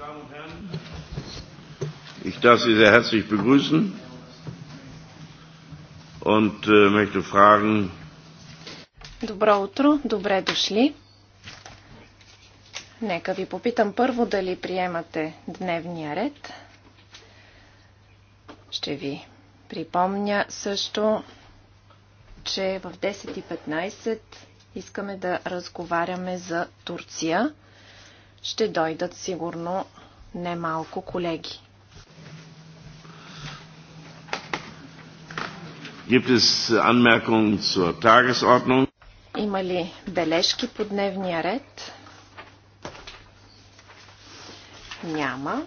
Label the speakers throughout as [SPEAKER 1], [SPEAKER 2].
[SPEAKER 1] Damen und Herren, ich darf Sie sehr herzlich begrüßen und äh, möchte fragen.
[SPEAKER 2] Добро утро, добре дошли. Нека ви попитам първо дали приемате дневния ред. Ще ви припомня също, че в 10.15 искаме да разговаряме за Турция ще дойдат сигурно немалко колеги. Има ли бележки по дневния ред? Няма.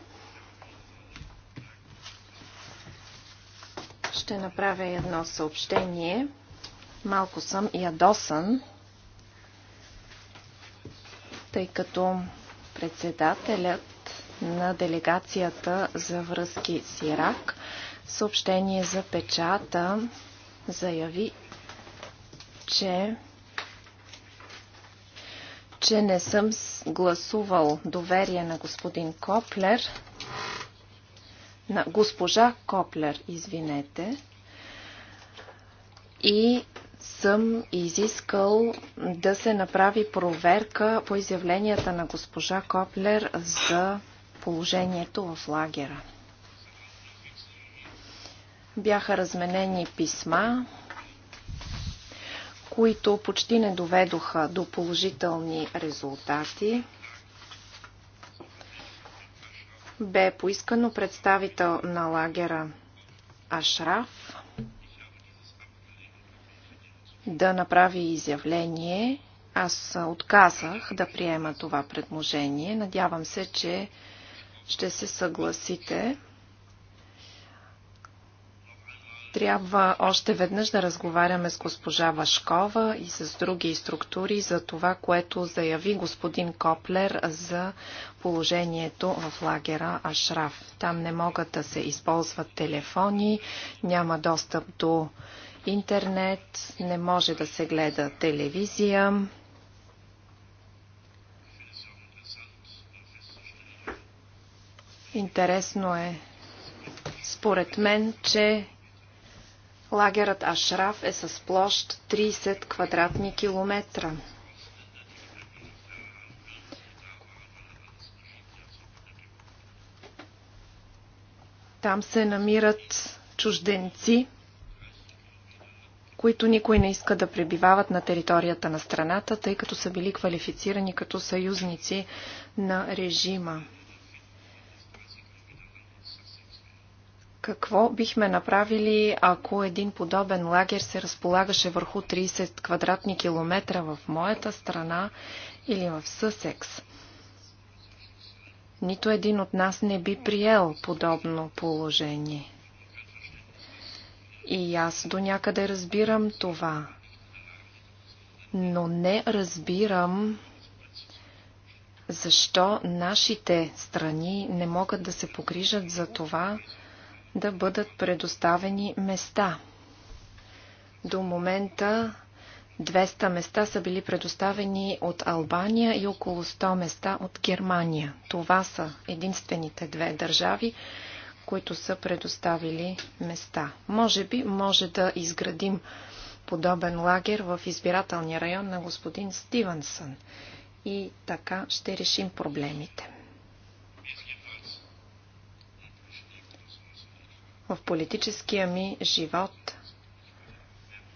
[SPEAKER 2] Ще направя едно съобщение. Малко съм ядосан, тъй като председателят на делегацията за връзки с Ирак съобщение за печата заяви, че че не съм гласувал доверие на господин Коплер, на госпожа Коплер, извинете, и съм изискал да се направи проверка по изявленията на госпожа Коплер за положението в лагера. Бяха разменени писма, които почти не доведоха до положителни резултати. Бе поискано представител на лагера Ашраф да направи изявление. Аз отказах да приема това предложение. Надявам се, че ще се съгласите. Трябва още веднъж да разговаряме с госпожа Вашкова и с други структури за това, което заяви господин Коплер за положението в лагера Ашраф. Там не могат да се използват телефони, няма достъп до интернет, не може да се гледа телевизия. Интересно е, според мен, че лагерът Ашраф е с площ 30 квадратни километра. Там се намират чужденци, които никой не иска да пребивават на територията на страната, тъй като са били квалифицирани като съюзници на режима. Какво бихме направили, ако един подобен лагер се разполагаше върху 30 квадратни километра в моята страна или в Съсекс? Нито един от нас не би приел подобно положение. И аз до някъде разбирам това. Но не разбирам защо нашите страни не могат да се погрижат за това да бъдат предоставени места. До момента 200 места са били предоставени от Албания и около 100 места от Германия. Това са единствените две държави, които са предоставили места. Може би може да изградим подобен лагер в избирателния район на господин Стивенсън и така ще решим проблемите. В политическия ми живот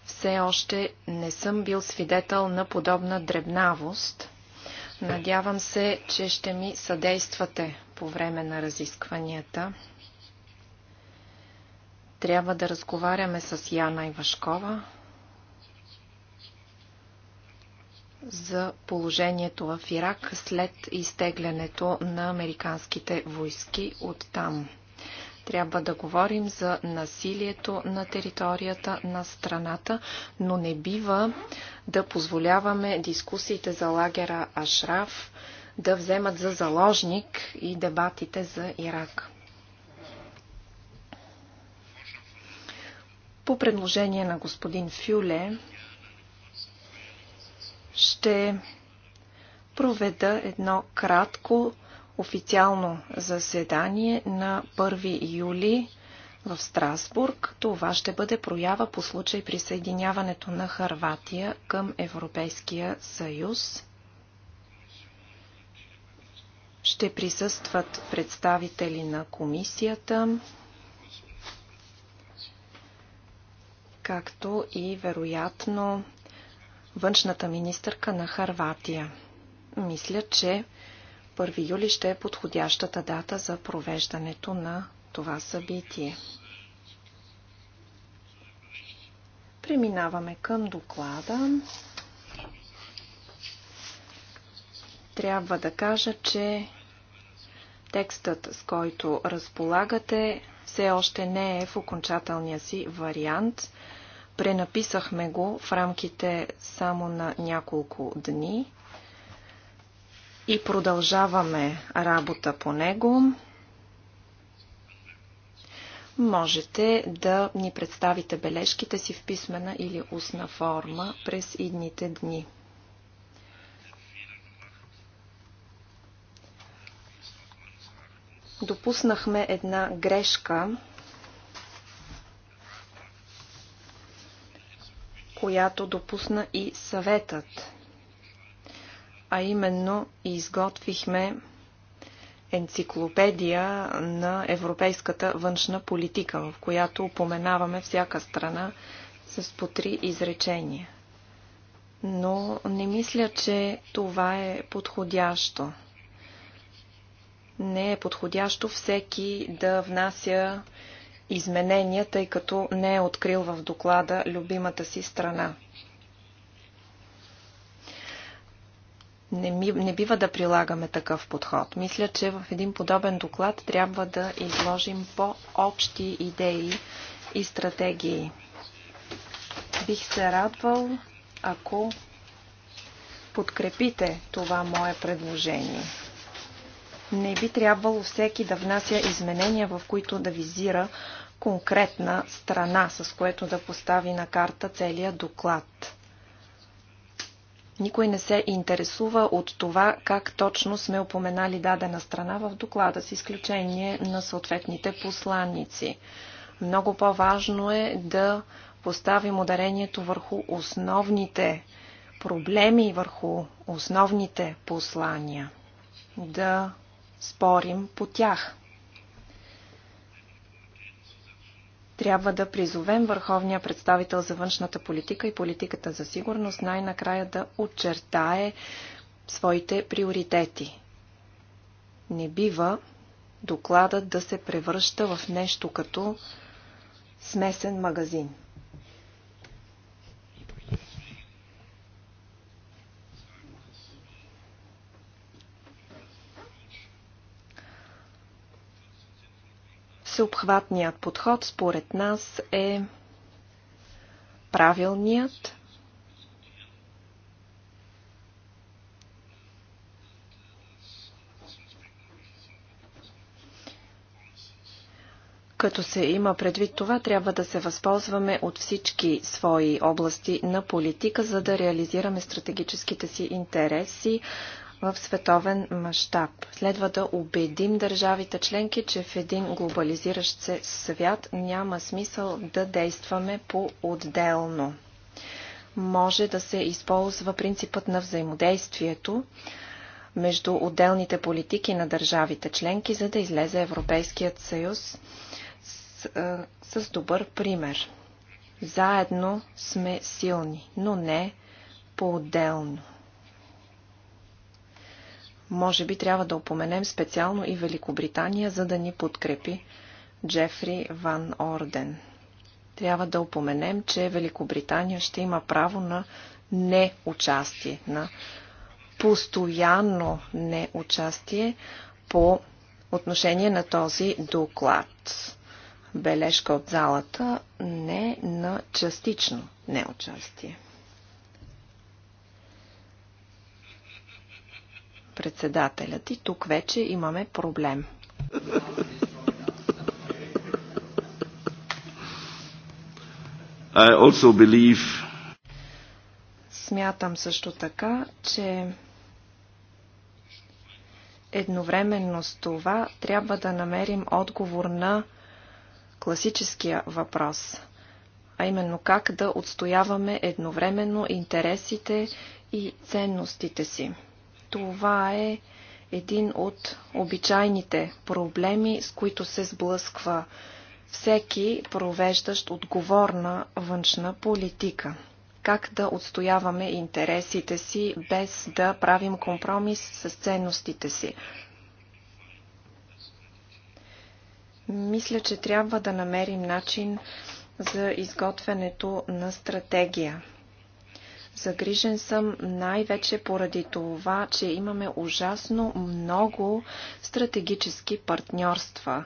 [SPEAKER 2] все още не съм бил свидетел на подобна дребнавост. Надявам се, че ще ми съдействате по време на разискванията. Трябва да разговаряме с Яна Ивашкова за положението в Ирак след изтеглянето на американските войски от там. Трябва да говорим за насилието на територията на страната, но не бива да позволяваме дискусиите за лагера Ашраф да вземат за заложник и дебатите за Ирак. По предложение на господин Фюле ще проведа едно кратко официално заседание на 1 юли в Страсбург. Това ще бъде проява по случай присъединяването на Харватия към Европейския съюз. Ще присъстват представители на комисията, както и вероятно външната министърка на Харватия. Мисля, че 1 юли ще е подходящата дата за провеждането на това събитие. Преминаваме към доклада. Трябва да кажа, че текстът, с който разполагате, все още не е в окончателния си вариант – Пренаписахме го в рамките само на няколко дни и продължаваме работа по него. Можете да ни представите бележките си в писмена или устна форма през идните дни. Допуснахме една грешка която допусна и съветът. А именно изготвихме енциклопедия на европейската външна политика, в която упоменаваме всяка страна с по три изречения. Но не мисля, че това е подходящо. Не е подходящо всеки да внася изменения, тъй като не е открил в доклада любимата си страна. Не, ми, не бива да прилагаме такъв подход. Мисля, че в един подобен доклад трябва да изложим по-общи идеи и стратегии. Бих се радвал, ако подкрепите това мое предложение не би трябвало всеки да внася изменения, в които да визира конкретна страна, с което да постави на карта целият доклад. Никой не се интересува от това как точно сме упоменали дадена страна в доклада, с изключение на съответните посланници. Много по-важно е да поставим ударението върху основните проблеми, върху основните послания. Да спорим по тях. Трябва да призовем върховния представител за външната политика и политиката за сигурност най-накрая да очертае своите приоритети. Не бива докладът да се превръща в нещо като смесен магазин. Всеобхватният подход според нас е правилният. Като се има предвид това, трябва да се възползваме от всички свои области на политика, за да реализираме стратегическите си интереси, в световен мащаб. Следва да убедим държавите членки, че в един глобализиращ се свят няма смисъл да действаме по-отделно. Може да се използва принципът на взаимодействието между отделните политики на държавите членки, за да излезе Европейският съюз с, с добър пример. Заедно сме силни, но не по-отделно. Може би трябва да опоменем специално и Великобритания, за да ни подкрепи Джефри Ван Орден. Трябва да опоменем, че Великобритания ще има право на неучастие, на постоянно неучастие по отношение на този доклад. Бележка от залата не на частично неучастие. Председателят и тук вече имаме проблем.
[SPEAKER 1] I also believe...
[SPEAKER 2] Смятам също така, че едновременно с това трябва да намерим отговор на класическия въпрос, а именно как да отстояваме едновременно интересите и ценностите си. Това е един от обичайните проблеми, с които се сблъсква всеки провеждащ отговорна външна политика. Как да отстояваме интересите си, без да правим компромис с ценностите си? Мисля, че трябва да намерим начин за изготвянето на стратегия. Загрижен съм най-вече поради това, че имаме ужасно много стратегически партньорства.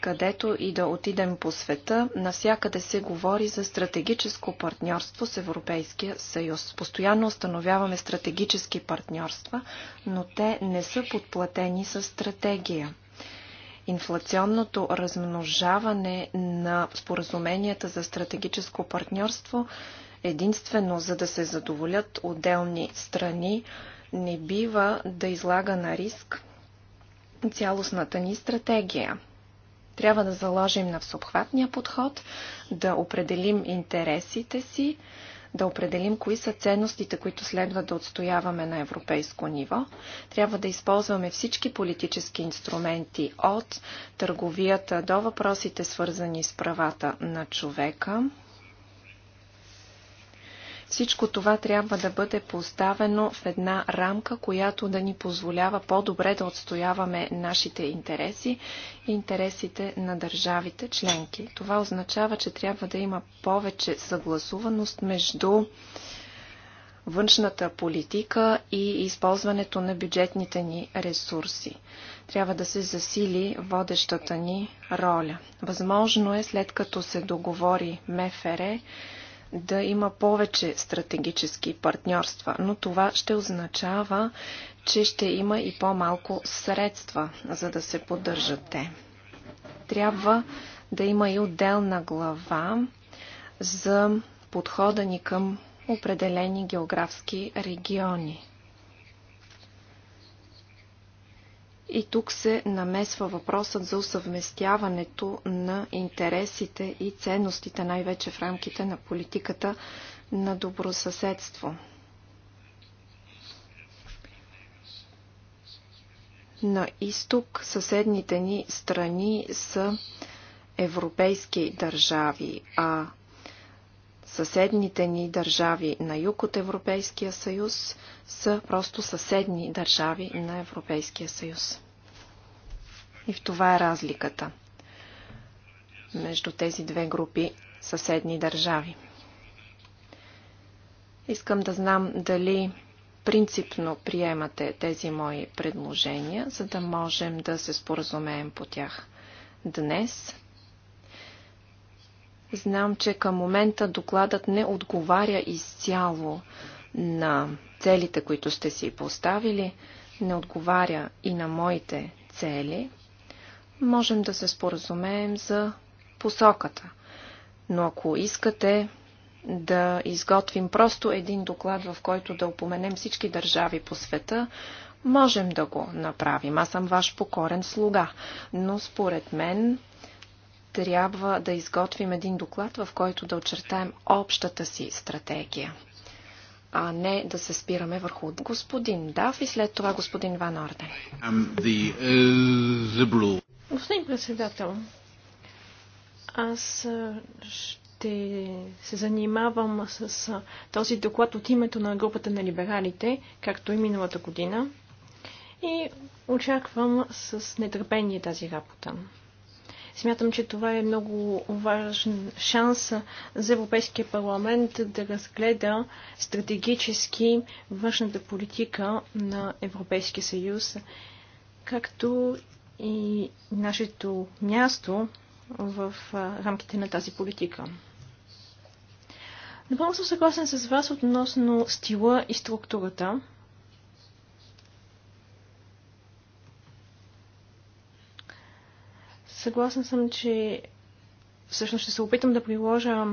[SPEAKER 2] Където и да отидем по света, навсякъде се говори за стратегическо партньорство с Европейския съюз. Постоянно установяваме стратегически партньорства, но те не са подплатени с стратегия инфлационното размножаване на споразуменията за стратегическо партньорство единствено за да се задоволят отделни страни, не бива да излага на риск цялостната ни стратегия. Трябва да заложим на всеобхватния подход, да определим интересите си, да определим кои са ценностите, които следва да отстояваме на европейско ниво. Трябва да използваме всички политически инструменти от търговията до въпросите свързани с правата на човека. Всичко това трябва да бъде поставено в една рамка, която да ни позволява по-добре да отстояваме нашите интереси и интересите на държавите членки. Това означава, че трябва да има повече съгласуваност между външната политика и използването на бюджетните ни ресурси. Трябва да се засили водещата ни роля. Възможно е, след като се договори МФР, да има повече стратегически партньорства, но това ще означава, че ще има и по-малко средства, за да се поддържат те. Трябва да има и отделна глава за подхода ни към определени географски региони. И тук се намесва въпросът за усъвместяването на интересите и ценностите, най-вече в рамките на политиката на добросъседство. На изток съседните ни страни са европейски държави, а съседните ни държави на юг от Европейския съюз са просто съседни държави на Европейския съюз. И в това е разликата между тези две групи съседни държави. Искам да знам дали принципно приемате тези мои предложения, за да можем да се споразумеем по тях. Днес Знам, че към момента докладът не отговаря изцяло на целите, които сте си поставили, не отговаря и на моите цели. Можем да се споразумеем за посоката. Но ако искате да изготвим просто един доклад, в който да упоменем всички държави по света, можем да го направим. Аз съм ваш покорен слуга. Но според мен трябва да изготвим един доклад, в който да очертаем общата си стратегия, а не да се спираме върху господин Дав и след това господин Ван Орден.
[SPEAKER 1] Uh,
[SPEAKER 3] господин председател, аз ще се занимавам с този доклад от името на групата на либералите, както и миналата година. И очаквам с нетърпение тази работа. Смятам, че това е много важен шанс за Европейския парламент да разгледа стратегически външната политика на Европейския съюз, както и нашето място в рамките на тази политика. Напълно съм съгласен с вас относно стила и структурата. Съгласна съм, че всъщност ще се опитам да приложа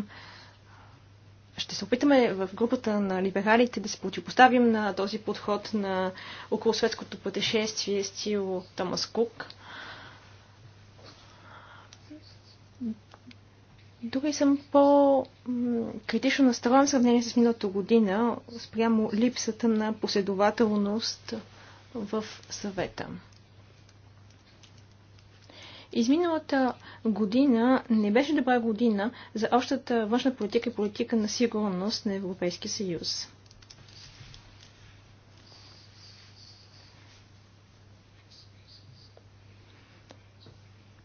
[SPEAKER 3] ще се опитаме в групата на либералите да се противопоставим на този подход на околосветското пътешествие стил Томас Кук. Дори съм по-критично настроен в сравнение с миналата година спрямо липсата на последователност в съвета. Изминалата година не беше добра година за общата външна политика и политика на сигурност на Европейския съюз.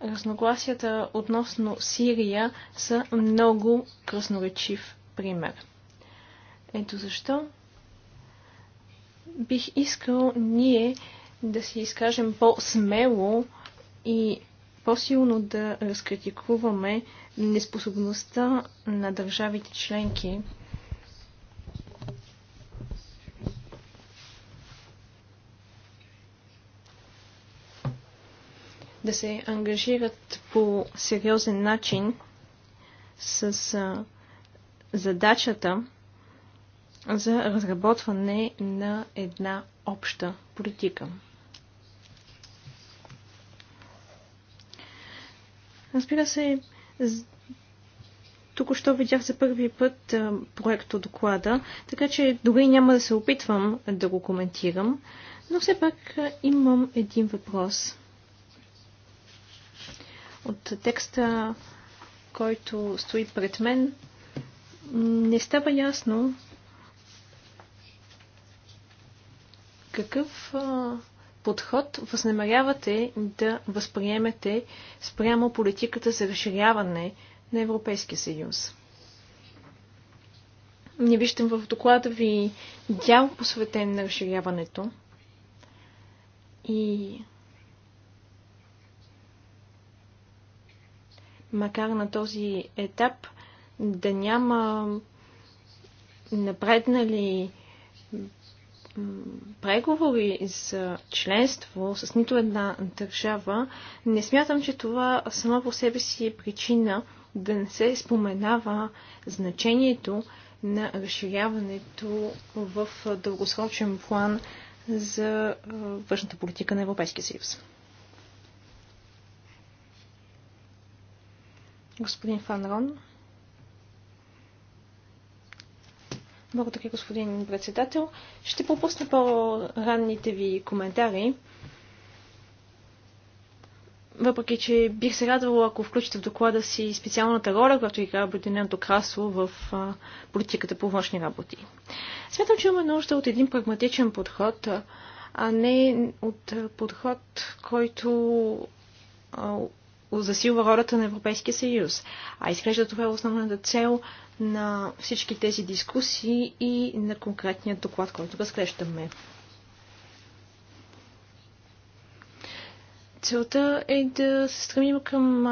[SPEAKER 3] разногласията относно Сирия са много красноречив пример. Ето защо бих искал ние да си изкажем по-смело и по-силно да разкритикуваме неспособността на държавите членки да се ангажират по сериозен начин с задачата за разработване на една обща политика. Разбира се, Току-що видях за първи път проекто доклада, така че дори няма да се опитвам да го коментирам, но все пак имам един въпрос. От текста, който стои пред мен, не става ясно какъв подход възнамерявате да възприемете спрямо политиката за разширяване на Европейския съюз? Не виждам в доклада ви дял посветен на разширяването. И макар на този етап да няма напреднали преговори за членство с нито една държава, не смятам, че това само по себе си е причина да не се споменава значението на разширяването в дългосрочен план за външната политика на Европейския съюз. Господин Фанрон. Благодаря, господин председател. Ще пропусна по-ранните ви коментари. Въпреки, че бих се радвала, ако включите в доклада си специалната роля, която играе Обединеното Красло в политиката по външни работи. Смятам, че имаме нужда от един прагматичен подход, а не от подход, който засилва ролята на Европейския съюз. А изглежда това е основната цел на всички тези дискусии и на конкретния доклад, който разглеждаме. целта е да се стремим към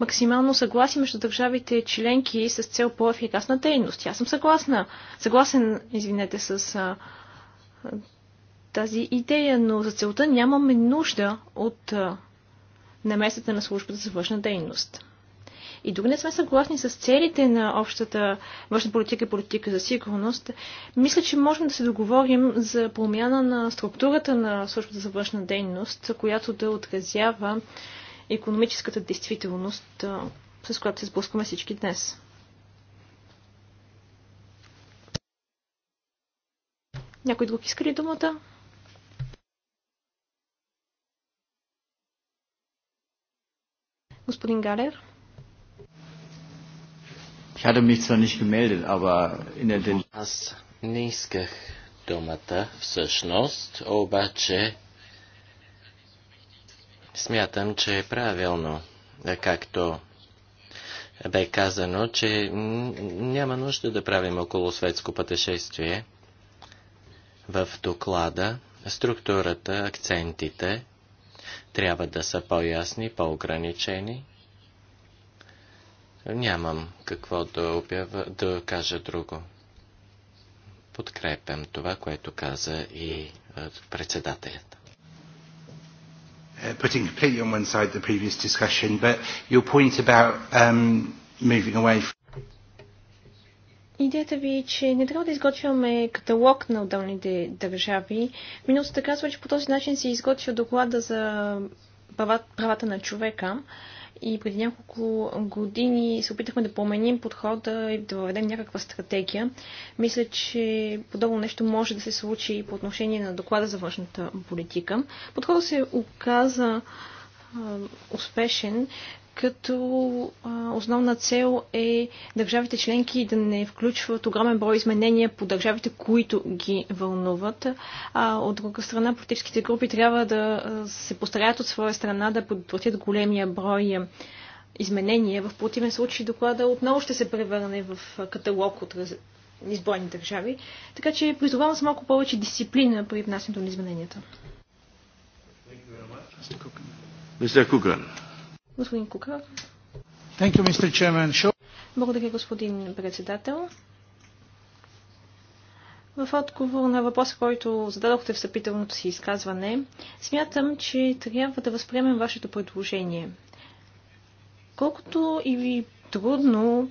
[SPEAKER 3] максимално съгласие между държавите членки с цел по-ефикасна дейност. Аз съм съгласна, съгласен, извинете, с а, тази идея, но за целта нямаме нужда от а, намесата на службата за външна дейност. И дори не сме съгласни с целите на общата външна политика и политика за сигурност, мисля, че можем да се договорим за промяна на структурата на службата за външна дейност, която да отразява економическата действителност, с която се сблъскваме всички днес. Някой друг иска ли думата? Господин Галер.
[SPEAKER 1] Ich hatte mich zwar nicht gemeldet, aber
[SPEAKER 4] in der Deli... Аз не исках думата всъщност, обаче смятам, че е правилно, е, както бе казано, че няма нужда да правим около светско пътешествие. В доклада структурата, акцентите трябва да са по-ясни, по-ограничени Нямам какво да, обява, да кажа друго. Подкрепям това, което каза и е, председателят.
[SPEAKER 1] Uh, putting completely on one side the previous discussion, but your point about um, moving away from
[SPEAKER 3] Идеята ви е, че не трябва да изготвяме каталог на отделните държави. Миналото казва, че по този начин се изготвя доклада за правата на човека. И преди няколко години се опитахме да променим подхода и да въведем някаква стратегия. Мисля, че подобно нещо може да се случи и по отношение на доклада за външната политика. Подходът се оказа успешен, като основна цел е държавите членки да не включват огромен брой изменения по държавите, които ги вълнуват. А от друга страна, политическите групи трябва да се постараят от своя страна да подплатят големия брой изменения. В противен случай доклада отново ще се превърне в каталог от раз... държави. Така че призовавам с малко повече дисциплина при внасянето на измененията.
[SPEAKER 1] Mr. Кукан.
[SPEAKER 3] Господин Кука.
[SPEAKER 1] You,
[SPEAKER 3] Благодаря, господин председател. В отговор на въпроса, който зададохте в съпителното си изказване, смятам, че трябва да възприемем вашето предложение. Колкото и ви трудно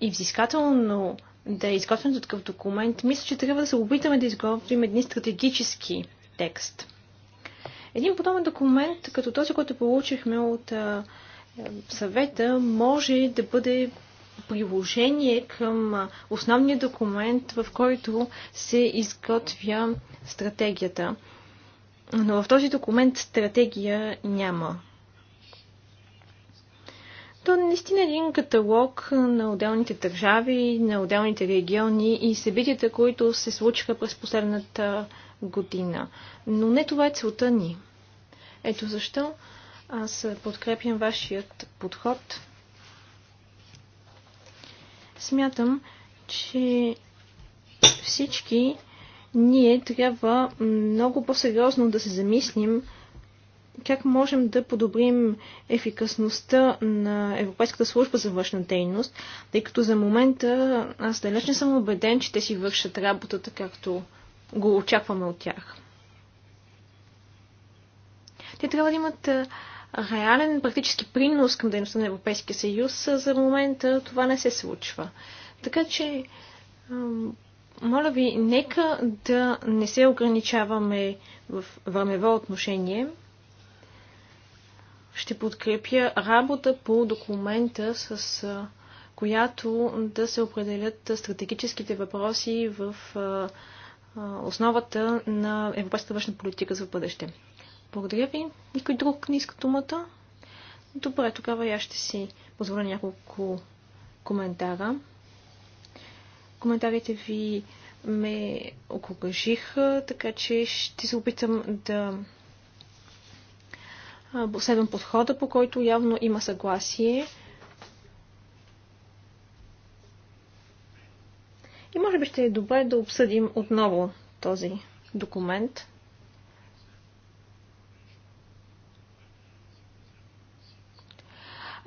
[SPEAKER 3] и взискателно да е изготвим такъв документ, мисля, че трябва да се опитаме да изготвим един стратегически текст. Един подобен документ, като този, който получихме от е, съвета, може да бъде приложение към основния документ, в който се изготвя стратегията. Но в този документ стратегия няма. То е наистина един каталог на отделните държави, на отделните региони и събитията, които се случиха през последната година. Но не това е целта ни. Ето защо аз подкрепям вашият подход. Смятам, че всички ние трябва много по-сериозно да се замислим как можем да подобрим ефикасността на Европейската служба за външна дейност, тъй като за момента аз далеч не съм убеден, че те си вършат работата както го очакваме от тях. Те трябва да имат реален практически принос към дейността на Европейския съюз. За момента това не се случва. Така че, моля ви, нека да не се ограничаваме в времево отношение. Ще подкрепя работа по документа, с която да се определят стратегическите въпроси в основата на европейската външна политика за бъдеще. Благодаря ви. Никой друг не иска думата. Добре, тогава я ще си позволя няколко коментара. Коментарите ви ме окоръжиха, така че ще се опитам да следвам подхода, по който явно има съгласие. И може би ще е добре да обсъдим отново този документ.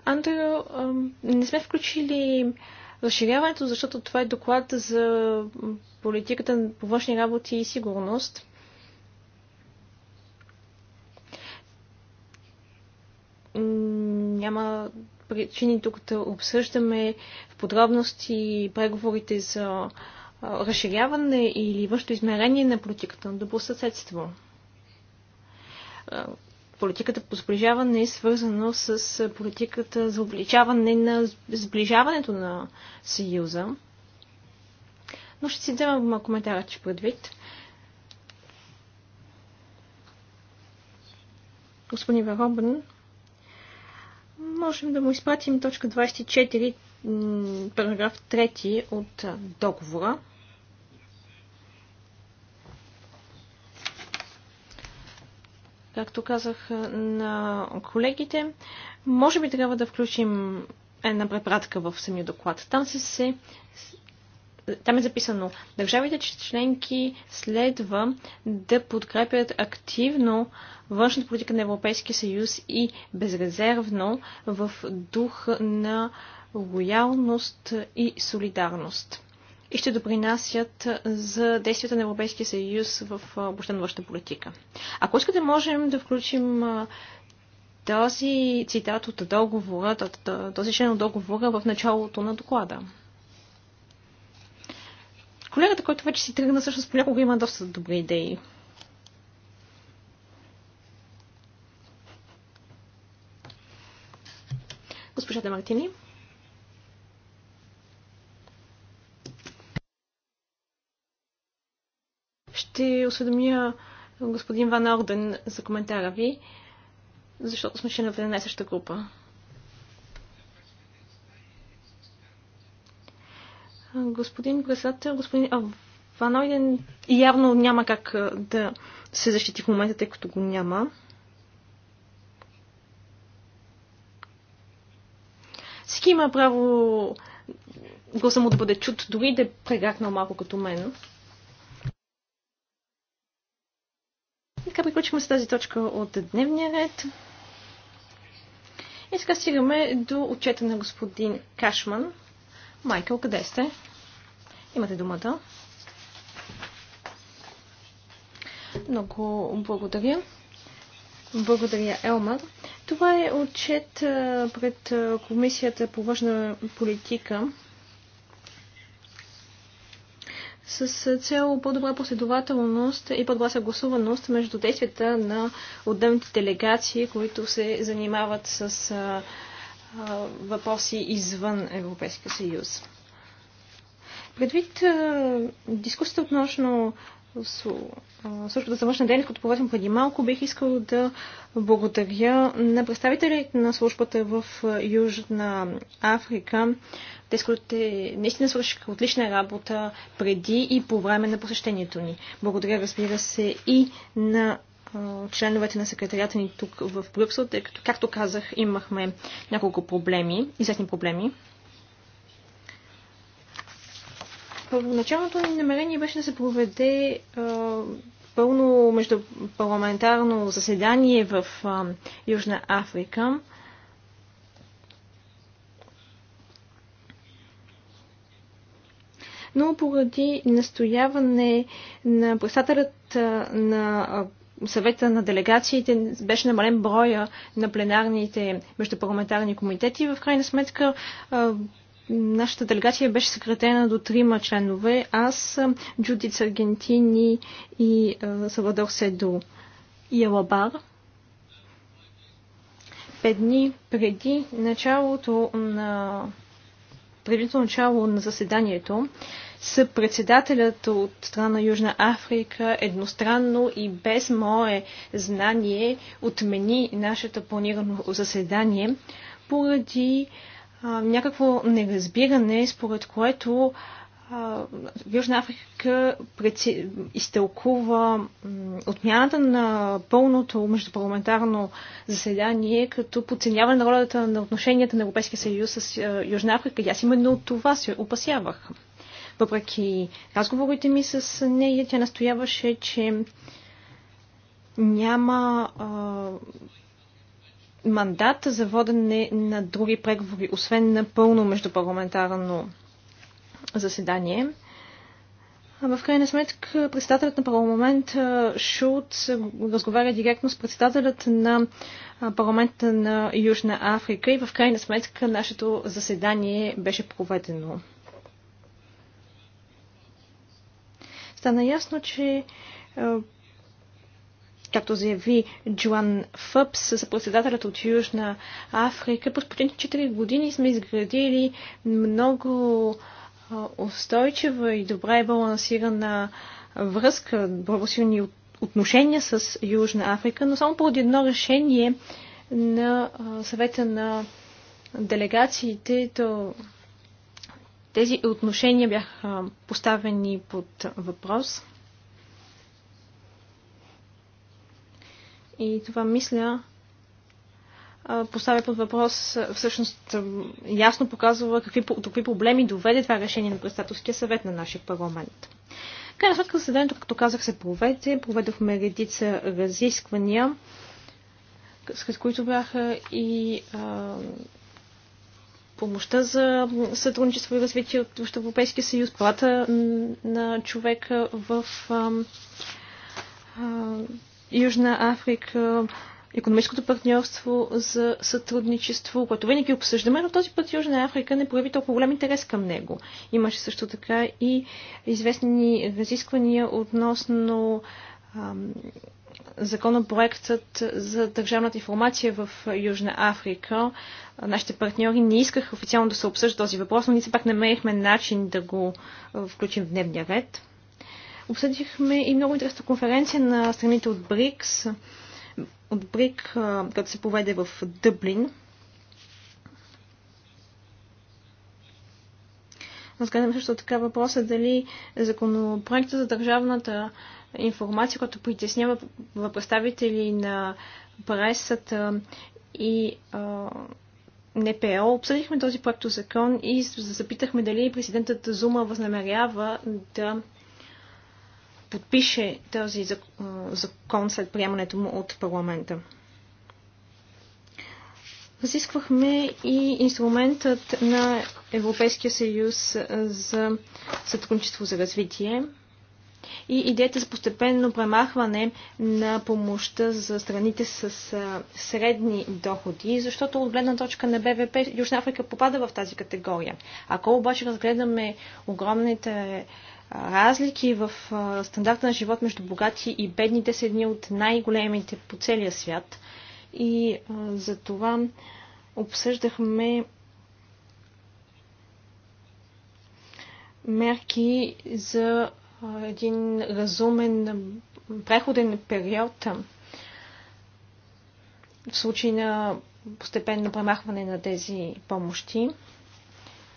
[SPEAKER 3] Андрео, не сме включили разширяването, защото това е доклад за политиката по външни работи и сигурност. Няма причини тук да обсъждаме в подробности преговорите за разширяване или външно измерение на политиката на добросъседство. Политиката по сближаване е свързано с политиката за обличаване на сближаването на Съюза. Но ще си вземем коментара, че предвид. Господин Варобен можем да му изпратим точка 24, параграф 3 от договора. Както казах на колегите, може би трябва да включим една препратка в самия доклад. Там се, се там е записано, държавите членки следва да подкрепят активно външната политика на Европейския съюз и безрезервно в дух на лоялност и солидарност. И ще допринасят за действията на Европейския съюз в областта на външната политика. Ако искате, можем да включим този цитат от договора, този член от договора в началото на доклада. Колегата, който вече си тръгна, всъщност понякога има доста добри идеи. Госпожата Мартини. Ще осведомя господин Ван Орден за коментара ви, защото сме членове на най съща група. Господин председател, господин Ваноиден явно няма как да се защити в момента, тъй като го няма. Всеки има право гласа му да бъде чут, дори да е прегакнал малко като мен. И така приключваме с тази точка от дневния ред. И сега стигаме до отчета на господин Кашман. Майкъл, къде сте? Имате думата. Много благодаря. Благодаря, Елмар. Това е отчет пред Комисията по външна политика с цел по-добра последователност и по-добра съгласуваност между действията на отделните делегации, които се занимават с въпроси извън Европейския съюз. Предвид дискусията относно службата за външна дейност, като поведем преди малко, бих искал да благодаря на представителите на службата в Южна Африка. Те, те наистина свършиха отлична работа преди и по време на посещението ни. Благодаря, разбира се, и на членовете на секретарията ни тук в Брюксел, тъй като, както казах, имахме няколко проблеми, известни проблеми. Първоначалното ни намерение беше да се проведе а, пълно междупарламентарно заседание в а, Южна Африка. Но поради настояване на председателят на съвета на делегациите беше намален броя на пленарните междупарламентарни комитети. В крайна сметка нашата делегация беше съкратена до трима членове. Аз, Джудит Саргентини и Савадор Седо и Алабар. Пет дни преди началото на предито начало на заседанието, съпредседателят от страна на Южна Африка едностранно и без мое знание отмени нашето планирано заседание поради а, някакво неразбиране, според което а, Южна Африка преци... изтълкува отмяната на пълното междупарламентарно заседание като подценяване на ролята на отношенията на Европейския съюз с а, Южна Африка. И аз именно от това се опасявах. Въпреки разговорите ми с нея, тя настояваше, че няма а, мандат за водене на други преговори, освен на пълно междупарламентарно заседание. В крайна сметка, председателят на парламент Шулц разговаря директно с председателят на парламента на Южна Африка и в крайна сметка нашето заседание беше проведено. стана ясно, че е, както заяви Джоан Фъпс, съпроседателят от Южна Африка, през последните 4 години сме изградили много е, устойчива и добра и балансирана връзка, благосилни отношения с Южна Африка, но само поради едно решение на е, съвета на делегациите, то тези отношения бяха поставени под въпрос. И това мисля поставя под въпрос, всъщност ясно показва какви, до какви проблеми доведе това решение на Председателския съвет на нашия парламент. Крайна сметка заседанието, както казах, се проведе. Проведохме редица разисквания, с които бяха и а, помощта за сътрудничество и развитие от Европейския съюз, правата на човека в а, а, Южна Африка, економическото партньорство за сътрудничество, което винаги обсъждаме, но този път Южна Африка не прояви толкова голям интерес към него. Имаше също така и известни разисквания относно законопроектът за държавната информация в Южна Африка. Нашите партньори не искаха официално да се обсъжда този въпрос, но ние все пак намерихме начин да го включим в дневния ред. Обсъдихме и много интересна конференция на страните от БРИКС, от БРИК, като се поведе в Дъблин. Разгледаме също така въпроса дали законопроекта за държавната информация, която притеснява представители на пресата и а, НПО. Обсъдихме този проект закон и запитахме дали президентът Зума възнамерява да подпише този закон след приемането му от парламента. Разисквахме и инструментът на Европейския съюз за сътрудничество за развитие и идеята за постепенно премахване на помощта за страните с средни доходи, защото от гледна точка на БВП Южна Африка попада в тази категория. Ако обаче разгледаме огромните разлики в стандарта на живот между богати и бедни, те са едни от най-големите по целия свят. И за това обсъждахме мерки за един разумен преходен период в случай на постепенно премахване на тези помощи.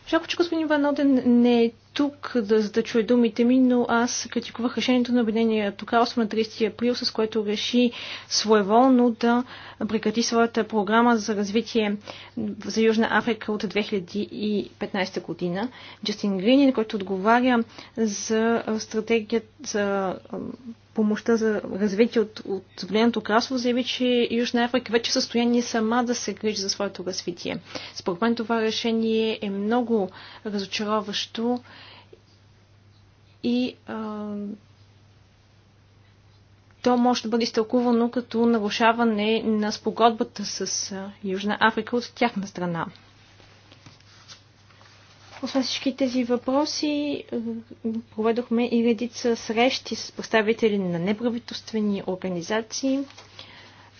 [SPEAKER 3] Жалко, че господин Ван не е тук да, да чуе думите ми, но аз критикувах решението на обединение кралство на 30 април, с което реши своеволно да прекрати своята програма за развитие за Южна Африка от 2015 година. Джастин Гринин, който отговаря за стратегията за помощта за развитие от, от Обединеното кралство, заяви, че Южна Африка вече е в състояние сама да се грижи за своето развитие. Според мен това решение е много разочароващо и а, то може да бъде изтълкувано като нарушаване на спогодбата с Южна Африка от тяхна страна. Освен всички тези въпроси, проведохме и редица срещи с представители на неправителствени организации.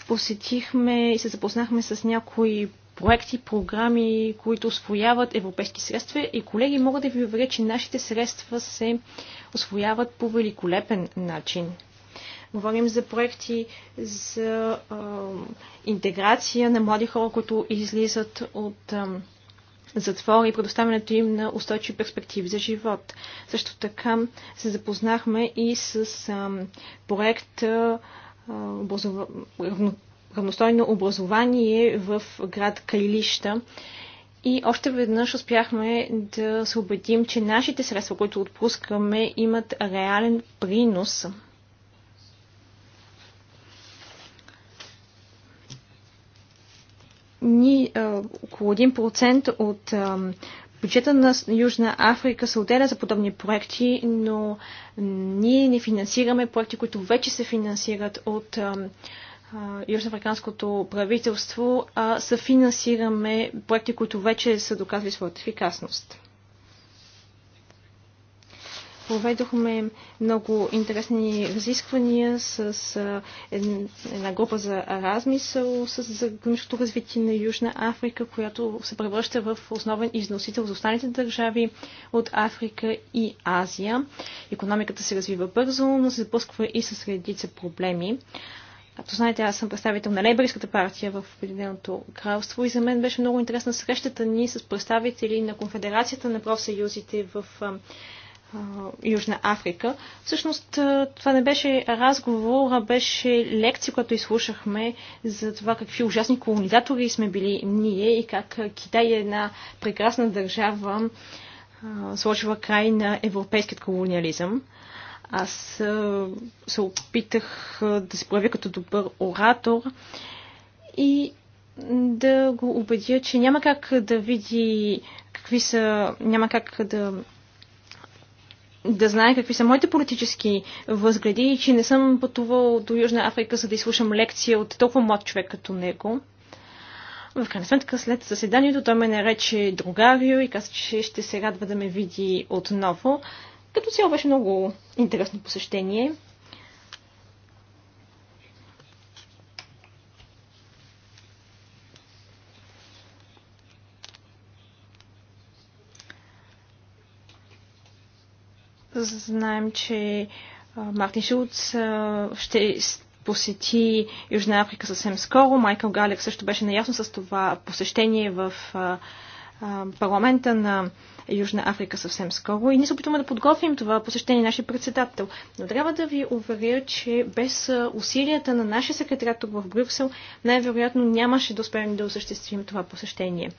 [SPEAKER 3] Посетихме и се запознахме с някои проекти, програми, които освояват европейски средства. И колеги, мога да ви уверя, че нашите средства се освояват по великолепен начин. Говорим за проекти за а, интеграция на млади хора, които излизат от а, затвора и предоставянето им на устойчиви перспективи за живот. Също така се запознахме и с а, проект а, образова равностойно образование в град Кайлища. И още веднъж успяхме да се убедим, че нашите средства, които отпускаме, имат реален принос ни а, около 1% от а, бюджета на Южна Африка се отделя за подобни проекти, но ние не финансираме проекти, които вече се финансират от а, южноафриканското правителство, а съфинансираме проекти, които вече са доказали своята ефикасност. Проведохме много интересни разисквания с една група за размисъл с економическото развитие на Южна Африка, която се превръща в основен износител за останалите държави от Африка и Азия. Економиката се развива бързо, но се запусква и с редица проблеми. Както знаете, аз съм представител на Лейбърската партия в Обединеното кралство и за мен беше много интересна срещата ни с представители на Конфедерацията на профсъюзите в Южна Африка. Всъщност това не беше разговор, а беше лекция, която изслушахме за това какви ужасни колонизатори сме били ние и как Китай е една прекрасна държава, сложила край на европейският колониализъм. Аз се опитах да се проявя като добър оратор и да го убедя, че няма как да види какви са, няма как да да знае какви са моите политически възгледи и че не съм пътувал до Южна Африка, за да изслушам лекция от толкова млад човек като него. В крайна сметка, след заседанието той ме нарече другарио и каза, че ще се радва да ме види отново. Като цяло беше много интересно посещение. Знаем, че Мартин Шулц ще посети Южна Африка съвсем скоро. Майкъл Галек също беше наясно с това посещение в парламента на Южна Африка съвсем скоро и ние се опитваме да подготвим това посещение нашия председател. Но трябва да ви уверя, че без усилията на нашия секретар тук в Брюксел най-вероятно нямаше да успеем да осъществим това посещение.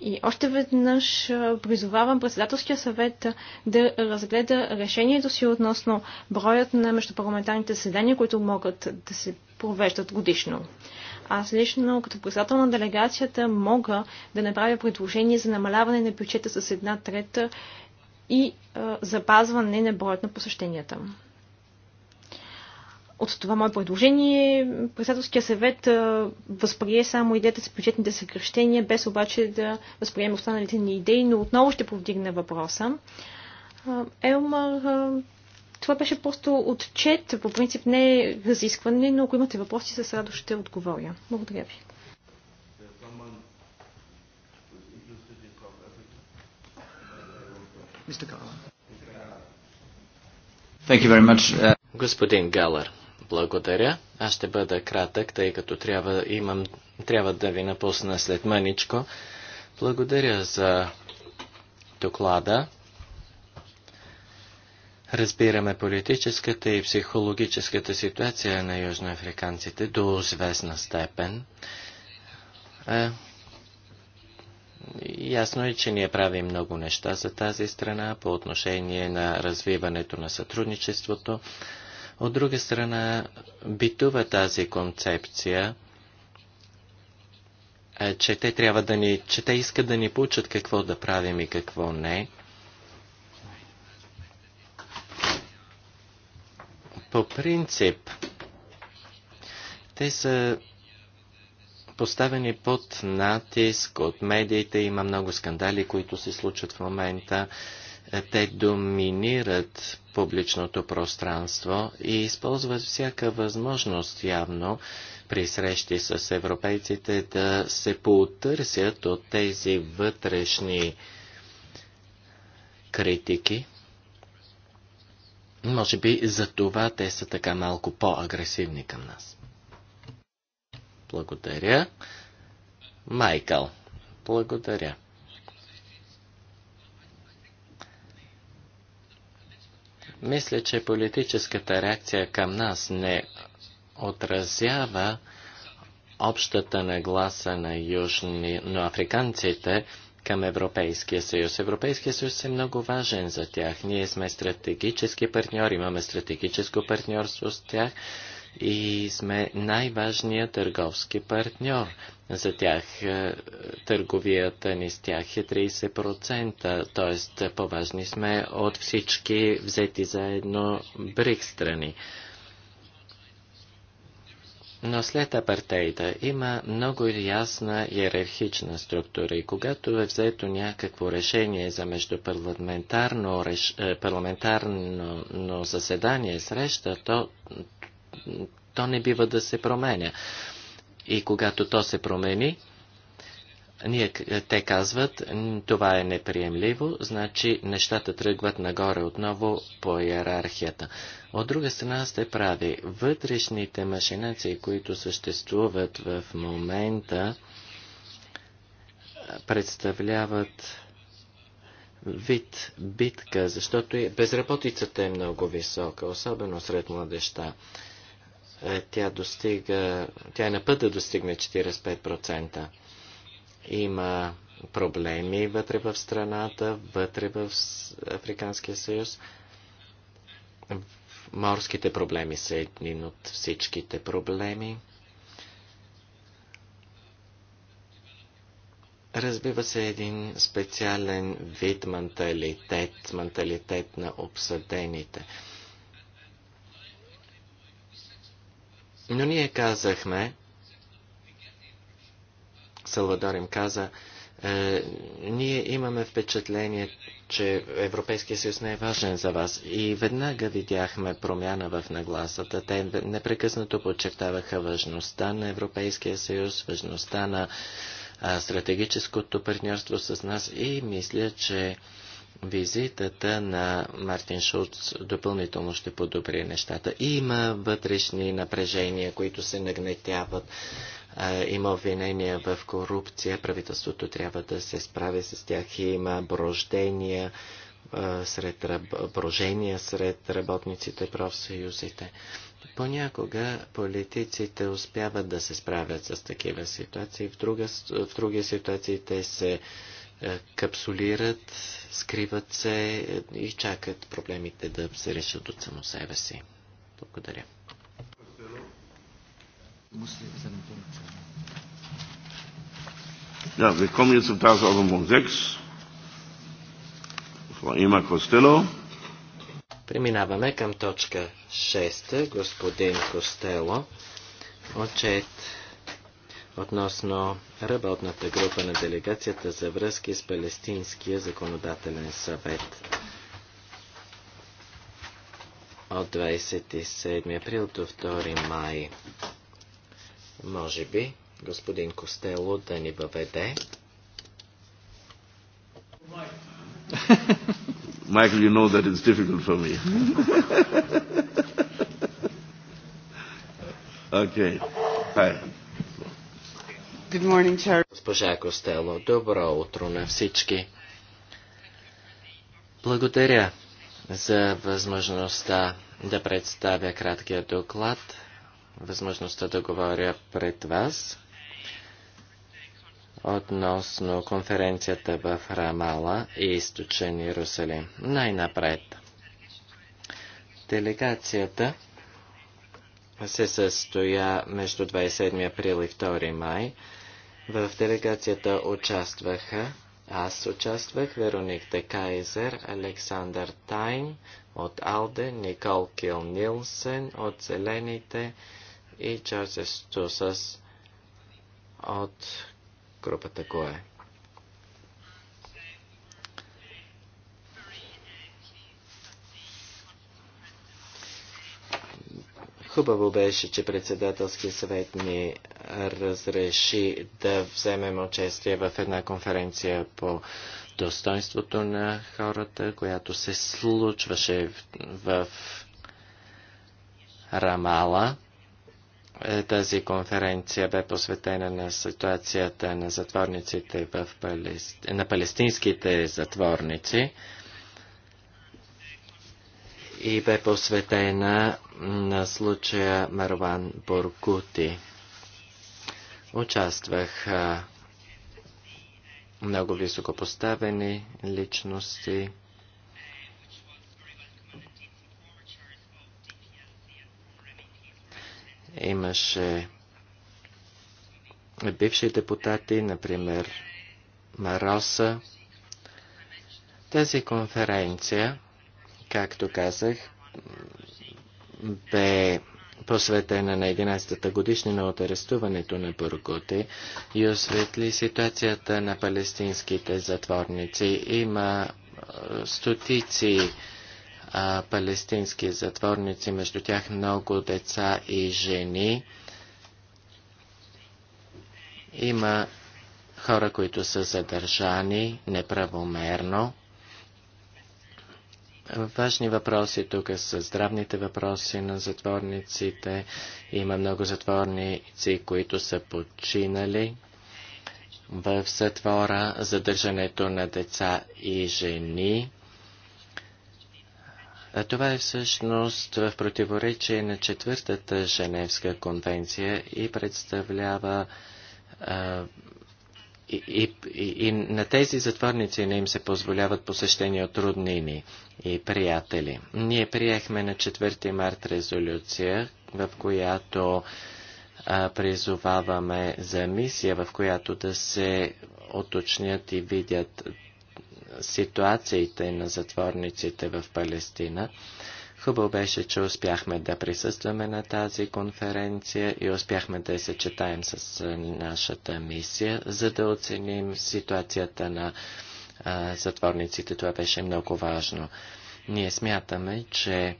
[SPEAKER 3] И още веднъж призовавам председателския съвет да разгледа решението си относно броят на междупарламентарните заседания, които могат да се провеждат годишно. Аз лично, като председател на делегацията, мога да направя предложение за намаляване на бюджета с една трета и а, е, запазване на броят на посещенията. От това мое предложение председателския съвет а, е, възприе само идеята с бюджетните съкрещения, без обаче да възприеме останалите ни идеи, но отново ще повдигна въпроса. Е, Елмар това беше просто отчет, по принцип не е разискване, но ако имате въпроси, с радост ще отговоря. Благодаря ви.
[SPEAKER 4] Господин Галър, благодаря. Аз ще бъда кратък, тъй като трябва, имам, трябва да ви напусна след мъничко. Благодаря за доклада. Разбираме политическата и психологическата ситуация на южноафриканците до известна степен. Е, ясно е, че ние правим много неща за тази страна по отношение на развиването на сътрудничеството. От друга страна, битува тази концепция, е, че те трябва да ни, че те искат да ни получат какво да правим и какво не – По принцип, те са поставени под натиск от медиите. Има много скандали, които се случват в момента. Е, те доминират публичното пространство и използват всяка възможност явно при срещи с европейците да се поутърсят от тези вътрешни критики. Може би за това те са така малко по-агресивни към нас. Благодаря. Майкъл. Благодаря. Мисля, че политическата реакция към нас не отразява общата нагласа на африканците към Европейския съюз. Европейския съюз е много важен за тях. Ние сме стратегически партньори, имаме стратегическо партньорство с тях и сме най-важният търговски партньор за тях. Е, търговията ни с тях е 30%, т.е. по-важни сме от всички взети заедно БРИК страни. Но след апартейда има много ясна иерархична структура и когато е взето някакво решение за междупарламентарно реш... Е, парламентарно но заседание, среща, то, то не бива да се променя. И когато то се промени, ние, те казват, това е неприемливо, значи нещата тръгват нагоре отново по иерархията. От друга страна сте прави, вътрешните машинации, които съществуват в момента, представляват вид битка, защото безработицата е много висока, особено сред младеща. Е, тя, достига, тя е на път да достигне 45%. Има проблеми вътре в страната, вътре в Африканския съюз. Морските проблеми са един от всичките проблеми. Разбива се един специален вид менталитет, менталитет на обсъдените. Но ние казахме, Салвадор им каза, е, ние имаме впечатление, че Европейския съюз не е важен за вас. И веднага видяхме промяна в нагласата. Те непрекъснато подчертаваха важността на Европейския съюз, важността на стратегическото партньорство с нас и мисля, че визитата на Мартин Шулц допълнително ще подобри нещата. Има вътрешни напрежения, които се нагнетяват има обвинения в корупция, правителството трябва да се справи с тях. И Има брождения сред, брожения сред работниците, профсъюзите. Понякога политиците успяват да се справят с такива ситуации, в, друга, в други ситуации те се капсулират, скриват се и чакат проблемите да се решат от само себе си. Благодаря.
[SPEAKER 1] Ja, wir kommen jetzt zum Tagesordnungspunkt 6. Frau Ema Costello.
[SPEAKER 4] Преминаваме към точка 6, господин Костело. Отчет относно работната група на делегацията за връзки с Палестинския законодателен съвет от 27 април до 2 май може би господин Костело да ни въведе.
[SPEAKER 1] Michael, you know that it's difficult for me.
[SPEAKER 4] okay. Hi. Good morning, Chair. Госпожа Костело, добро утро на всички. Благодаря за възможността да представя краткия доклад възможността да говоря пред вас относно конференцията в Рамала и източен Иерусалим. Най-напред. Делегацията се състоя между 27 април и 2 май. В делегацията участваха аз участвах, Вероник Де Кайзер, Александър Тайн от Алде, Никол Кил Нилсен от Зелените, и Чарлз Стусас от групата КОЕ. Хубаво беше, че председателски съвет ни разреши да вземем участие в една конференция по достоинството на хората, която се случваше в Рамала. Е, тази конференция бе посветена на ситуацията на затворниците в Палести... на палестинските затворници и бе посветена на случая Марван Боркути. Участвах много високопоставени личности, Имаше бивши депутати, например Мароса. Тази конференция, както казах, бе посветена на 11-та годишнина от арестуването на Бургути и осветли ситуацията на палестинските затворници. Има стотици палестински затворници, между тях много деца и жени. Има хора, които са задържани неправомерно. Важни въпроси тук са здравните въпроси на затворниците. Има много затворници, които са починали в затвора, задържането на деца и жени. Това е всъщност в противоречие на четвъртата Женевска конвенция и представлява а, и, и, и, и на тези затворници не им се позволяват посещения от роднини и приятели. Ние приехме на 4 март резолюция, в която а, призоваваме за мисия, в която да се оточнят и видят ситуациите на затворниците в Палестина. Хубаво беше, че успяхме да присъстваме на тази конференция и успяхме да се съчетаем с нашата мисия, за да оценим ситуацията на а, затворниците. Това беше много важно. Ние смятаме, че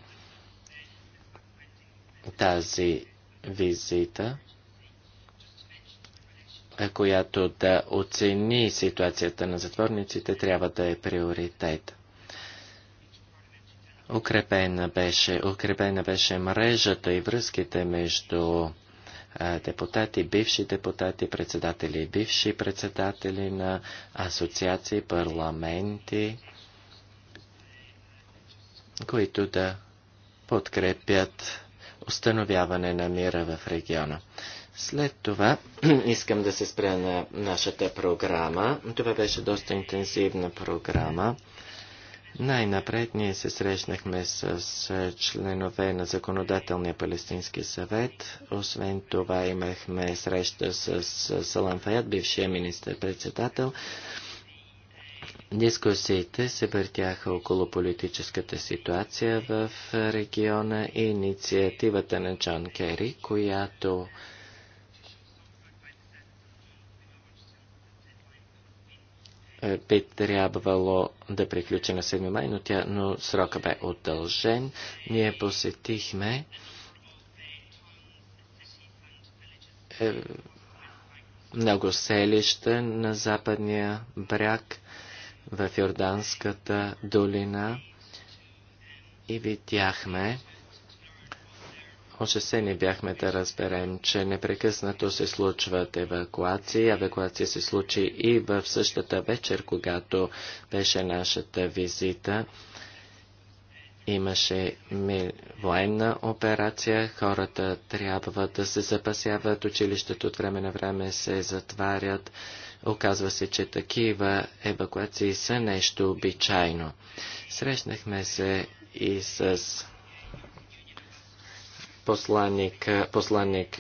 [SPEAKER 4] тази визита която да оцени ситуацията на затворниците, трябва да е приоритет. Укрепена беше, укрепена беше мрежата и връзките между депутати, бивши депутати, председатели и бивши председатели на асоциации, парламенти, които да подкрепят установяване на мира в региона. След това искам да се спря на нашата програма. Това беше доста интензивна програма. Най-напред ние се срещнахме с членове на Законодателния палестински съвет. Освен това имахме среща с Салам Фаят, бившия министър-председател. Дискусиите се въртяха около политическата ситуация в региона и инициативата на Джон Кери, която Е, би трябвало да приключи на 7 май, но, тя, но срока бе удължен. Ние посетихме е, много селища на западния бряг в Йорданската долина и видяхме Ошесени бяхме да разберем, че непрекъснато се случват евакуации. Евакуация се случи и в същата вечер, когато беше нашата визита. Имаше военна операция, хората трябва да се запасяват, училището от време на време се затварят. Оказва се, че такива евакуации са нещо обичайно. Срещнахме се и с посланник, посланник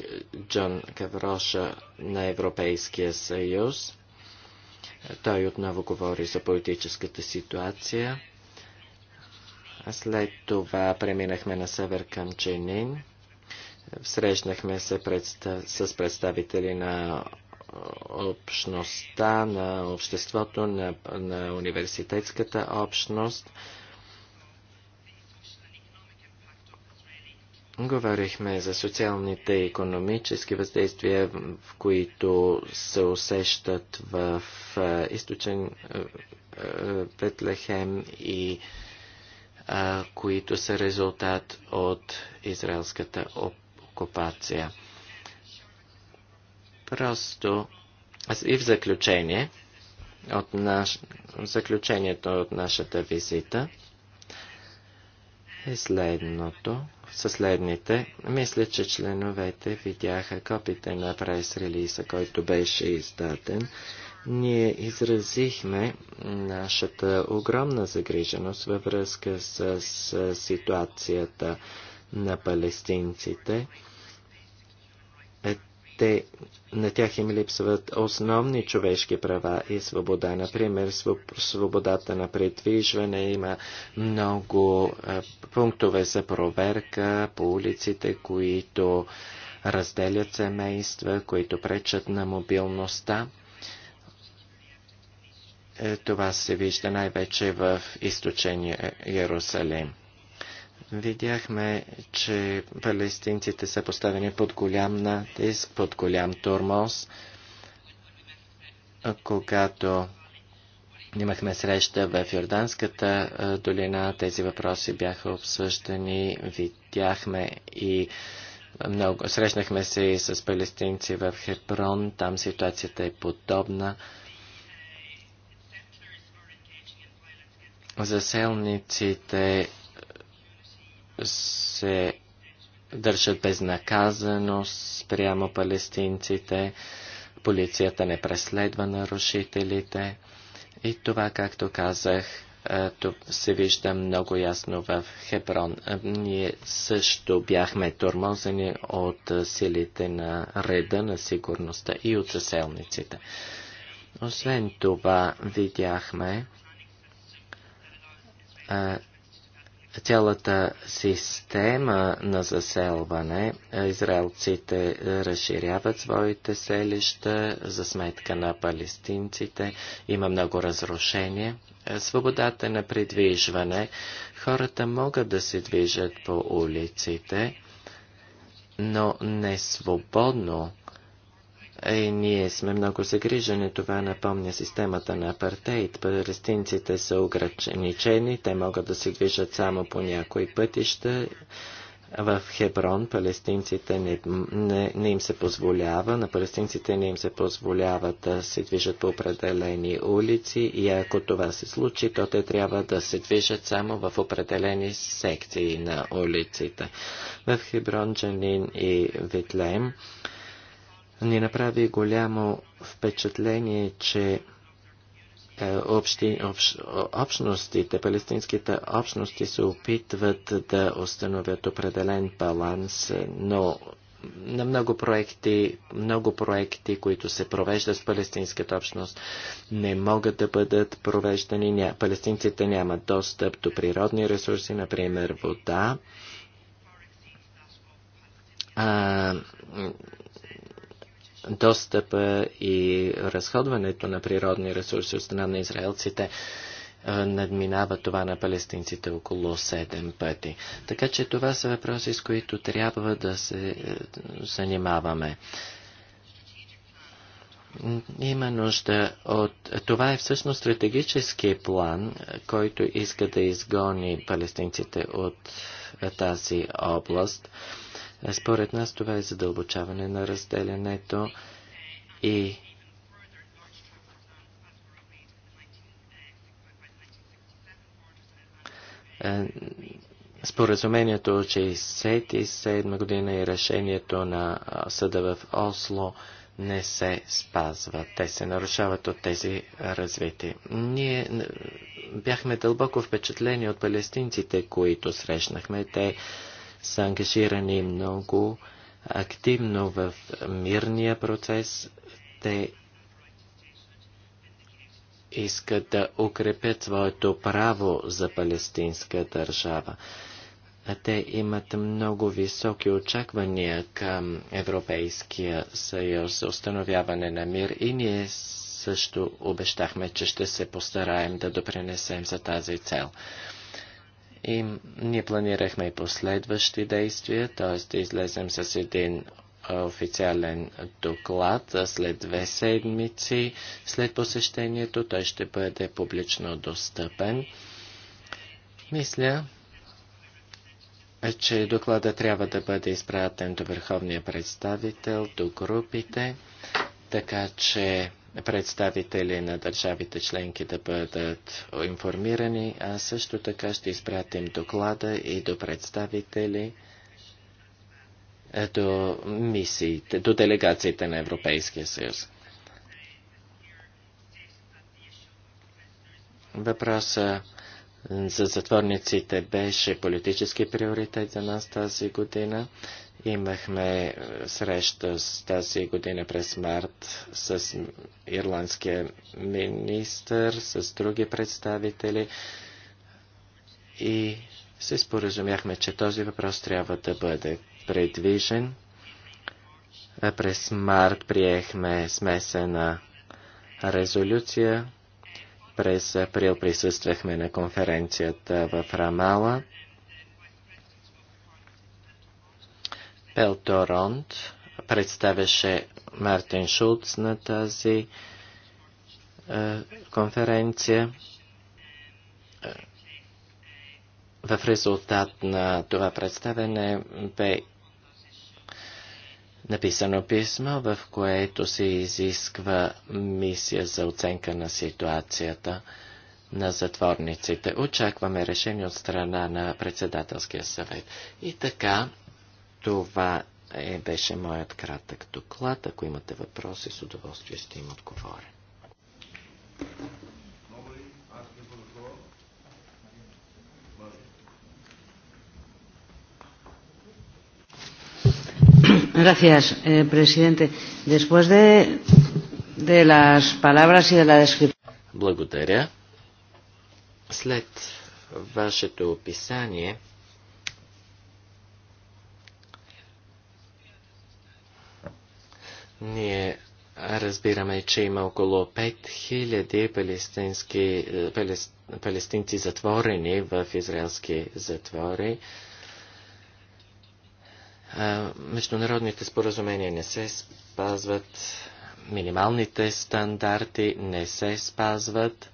[SPEAKER 4] Джон Кавроша на Европейския съюз. Той отново говори за политическата ситуация. След това преминахме на север към Ченин. Срещнахме се предста, с представители на общността, на обществото, на, на университетската общност. Говорихме за социалните и економически въздействия, в които се усещат в е, източен Петлехем е, е, и а, които са резултат от израелската окупация. Просто и в заключение, от наш... заключението от нашата визита е следното са следните. Мисля, че членовете видяха копите на прайс релиса който беше издаден. Ние изразихме нашата огромна загриженост във връзка с ситуацията на палестинците те, на тях им липсват основни човешки права и свобода. Например, свободата на предвижване има много пунктове за проверка по улиците, които разделят семейства, които пречат на мобилността. Е, това се вижда най-вече в източен Иерусалим. Видяхме, че палестинците са поставени под голям натиск, под голям тормоз. Когато имахме среща в Йорданската долина, тези въпроси бяха обсъждани. Видяхме и много. Срещнахме се и с палестинци в Хеброн. Там ситуацията е подобна. Заселниците се държат безнаказано спрямо палестинците, полицията не преследва нарушителите и това, както казах, тук се вижда много ясно в Хеброн. Ние също бяхме тормозени от силите на реда, на сигурността и от заселниците. Освен това, видяхме цялата система на заселване. Израелците разширяват своите селища за сметка на палестинците. Има много разрушение. Свободата на придвижване. Хората могат да се движат по улиците, но не свободно е, ние сме много загрижени. Това напомня системата на апартейт. Палестинците са ограничени, те могат да се движат само по някои пътища. В Хеброн палестинците не, не, не им се позволява, на палестинците не им се позволява да се движат по определени улици и ако това се случи, то те трябва да се движат само в определени секции на улиците. В Хеброн, Джанин и Витлеем ни направи голямо впечатление, че е, общи, общ, общностите, палестинските общности се опитват да установят определен баланс, но на много проекти, много проекти, които се провеждат в палестинската общност, не могат да бъдат провеждани. Ня... Палестинците нямат достъп до природни ресурси, например вода. А, достъпа и разходването на природни ресурси от страна на израелците надминава това на палестинците около 7 пъти. Така че това са въпроси, с които трябва да се е, занимаваме. Има нужда от... Това е всъщност стратегически план, който иска да изгони палестинците от е, тази област. Е, според нас това е задълбочаване на разделянето и е, споразумението от 1967 година и решението на съда в Осло не се спазва. Те се нарушават от тези развити. Ние е, бяхме дълбоко впечатлени от палестинците, които срещнахме. Те са ангажирани много активно в мирния процес. Те искат да укрепят своето право за палестинска държава. те имат много високи очаквания към Европейския съюз за установяване на мир и ние също обещахме, че ще се постараем да допринесем за тази цел. И ние планирахме и последващи действия, т.е. да излезем с един официален доклад след две седмици след посещението. Той ще бъде публично достъпен. Мисля, че доклада трябва да бъде изпратен до върховния представител, до групите, така че представители на държавите членки да бъдат информирани, а също така ще изпратим доклада и до представители е, до мисиите, до делегациите на Европейския съюз. Въпроса за затворниците беше политически приоритет за нас тази година. Имахме е, среща с тази година през март с ирландския министр, с други представители и се споразумяхме, че този въпрос трябва да бъде предвижен. През март приехме смесена резолюция. През април присъствахме на конференцията в Рамала. Пелторонт представяше Мартин Шулц на тази е, конференция. В резултат на това представене бе написано писмо, в което се изисква мисия за оценка на ситуацията на затворниците. Очакваме решение от страна на председателския съвет. И така, това е, беше моят кратък доклад. Ако имате въпроси, с удоволствие ще им отговоря.
[SPEAKER 3] Gracias, eh, presidente. Después de, de las palabras y de la descripción.
[SPEAKER 4] Благодаря. След вашето описание, Ние разбираме, че има около 5000 палестински, е, палестинци затворени в израелски затвори. международните споразумения не се спазват, минималните стандарти не се спазват.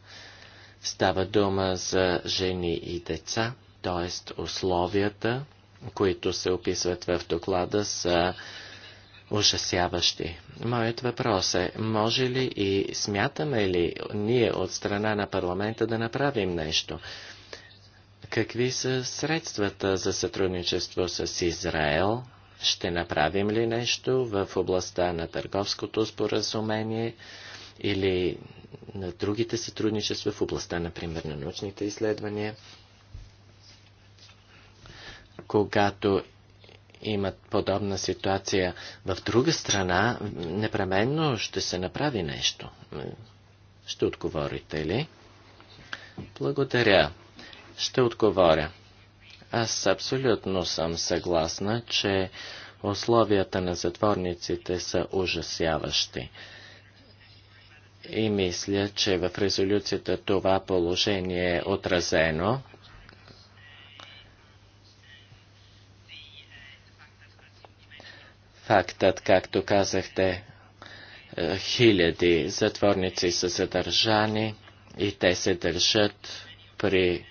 [SPEAKER 4] Става дума за жени и деца, т.е. условията, които се описват в доклада, са ужасяващи. Моят въпрос е, може ли и смятаме ли ние от страна на парламента да направим нещо? Какви са средствата за сътрудничество с Израел? Ще направим ли нещо в областта на търговското споразумение или на другите сътрудничества в областта, например, на научните изследвания? Когато имат подобна ситуация в друга страна, непременно ще се направи нещо. Ще отговорите ли? Благодаря. Ще отговоря. Аз абсолютно съм съгласна, че условията на затворниците са ужасяващи. И мисля, че в резолюцията това положение е отразено. Фактът, както казахте, е, хиляди затворници са задържани и те се държат при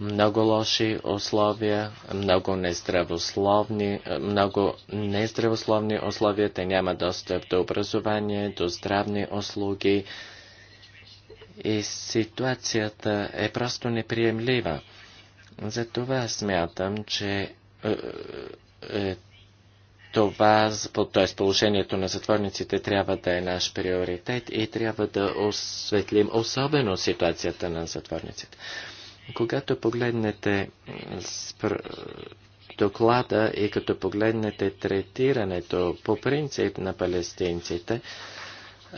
[SPEAKER 4] много лоши условия, много нездравословни, е, много нездравословни условия. Те няма достъп до образование, до здравни услуги. И ситуацията е просто неприемлива. Затова смятам, че е, е, е това, т.е. положението на затворниците трябва да е наш приоритет и трябва да осветлим особено ситуацията на затворниците. Когато погледнете доклада и като погледнете третирането по принцип на палестинците,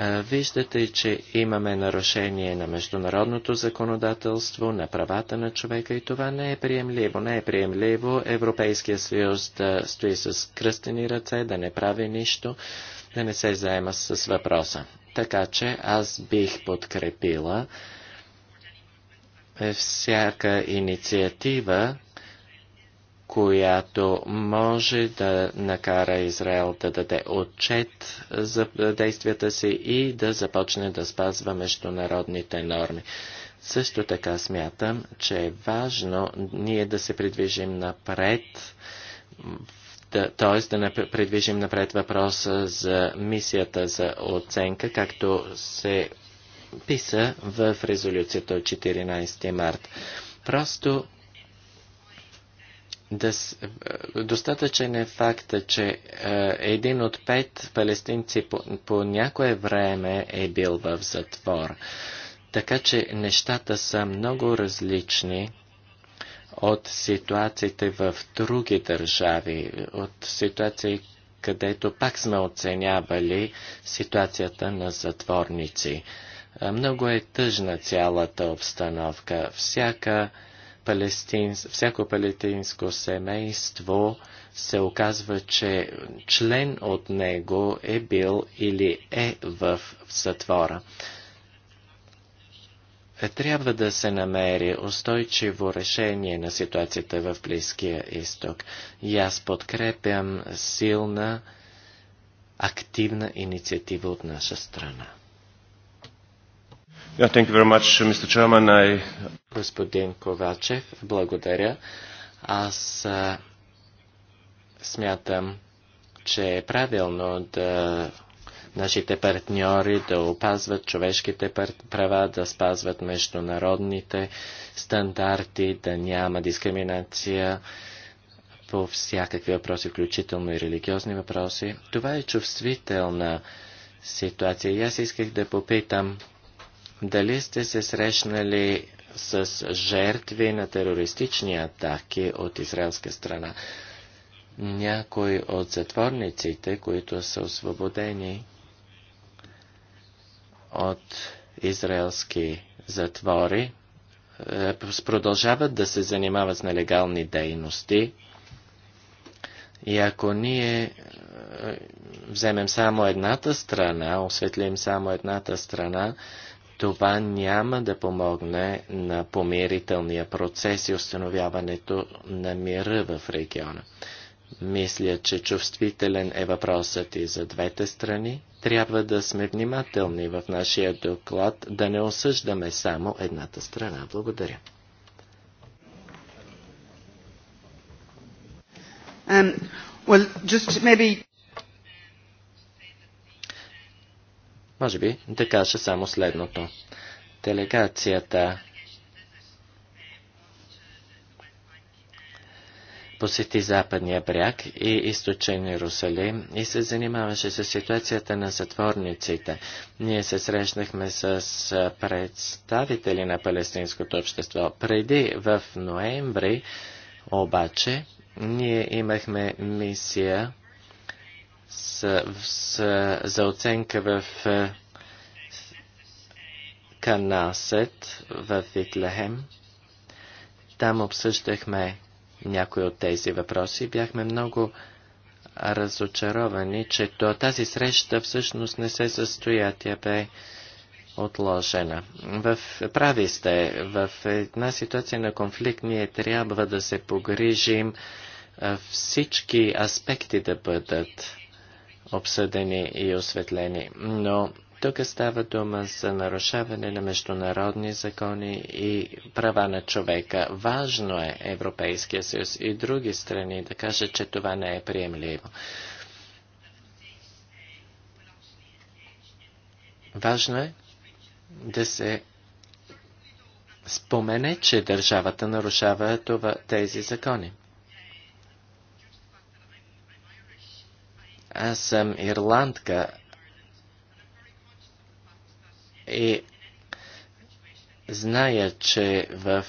[SPEAKER 4] Виждате, че имаме нарушение на международното законодателство, на правата на човека и това не е приемливо. Не е приемливо Европейския съюз да стои с кръстени ръце, да не прави нищо, да не се заема с въпроса. Така че аз бих подкрепила всяка инициатива, която може да накара Израел да даде отчет за действията си и да започне да спазва международните норми. Също така смятам, че е важно ние да се придвижим напред, да, т.е. да придвижим напред въпроса за мисията за оценка, както се писа в резолюцията от 14 март. Просто е, достатъчен е факта, че е, един от пет палестинци по, по някое време е бил в затвор. Така че нещата са много различни от ситуациите в други държави, от ситуации, където пак сме оценявали ситуацията на затворници. Е, много е тъжна цялата обстановка. Всяка палестинс, всяко палестинско семейство се оказва, че член от него е бил или е в затвора. Трябва да се намери устойчиво решение на ситуацията в Близкия изток. И аз подкрепям силна, активна инициатива от наша страна. Yeah, thank you very much, Mr. Chairman. I... Господин Ковачев, благодаря. Аз а, смятам, че е правилно да нашите партньори да опазват човешките права, да спазват международните стандарти, да няма дискриминация по всякакви въпроси, включително и религиозни въпроси. Това е чувствителна ситуация. И аз исках да попитам дали сте се срещнали с жертви на терористични атаки от израелска страна? Някои от затворниците, които са освободени от израелски затвори, е, продължават да се занимават с нелегални дейности. И ако ние е, вземем само едната страна, осветлим само едната страна, това няма да помогне на помирителния процес и установяването на мира в региона. Мисля, че чувствителен е въпросът и за двете страни. Трябва да сме внимателни в нашия доклад, да не осъждаме само едната страна. Благодаря.
[SPEAKER 1] Um, well, just maybe...
[SPEAKER 4] Може би да кажа само следното. Делегацията посети Западния бряг и източен Иерусалим и се занимаваше с ситуацията на затворниците. Ние се срещнахме с представители на палестинското общество. Преди в ноември обаче ние имахме мисия с, с, за оценка в е, Канасет, в Виклехем. Там обсъждахме някои от тези въпроси. Бяхме много разочаровани, че то тази среща всъщност не се състоя. Тя бе отложена. В, прави сте, в една ситуация на конфликт ние трябва да се погрижим всички аспекти да бъдат обсъдени и осветлени. Но тук става дума за нарушаване на международни закони и права на човека. Важно е Европейския съюз и други страни да кажат, че това не е приемливо. Важно е да се спомене, че държавата нарушава това, тези закони. Аз съм ирландка и зная, че в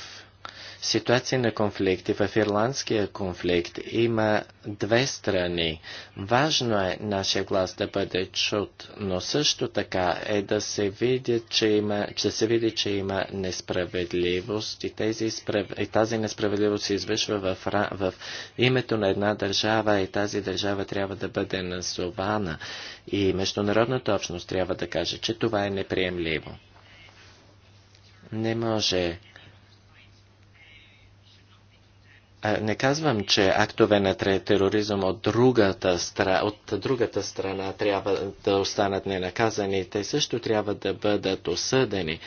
[SPEAKER 4] ситуации на конфликти. В ирландския конфликт има две страни. Важно е нашия глас да бъде чут, но също така е да се види, че има, че се види, че има несправедливост и, тези, и тази несправедливост се извършва в, в името на една държава и тази държава трябва да бъде назована. И международната общност трябва да каже, че това е неприемливо. Не може Не казвам, че актове на тероризъм от другата, стра... от другата страна трябва да останат ненаказани. Те също трябва да бъдат осъдени.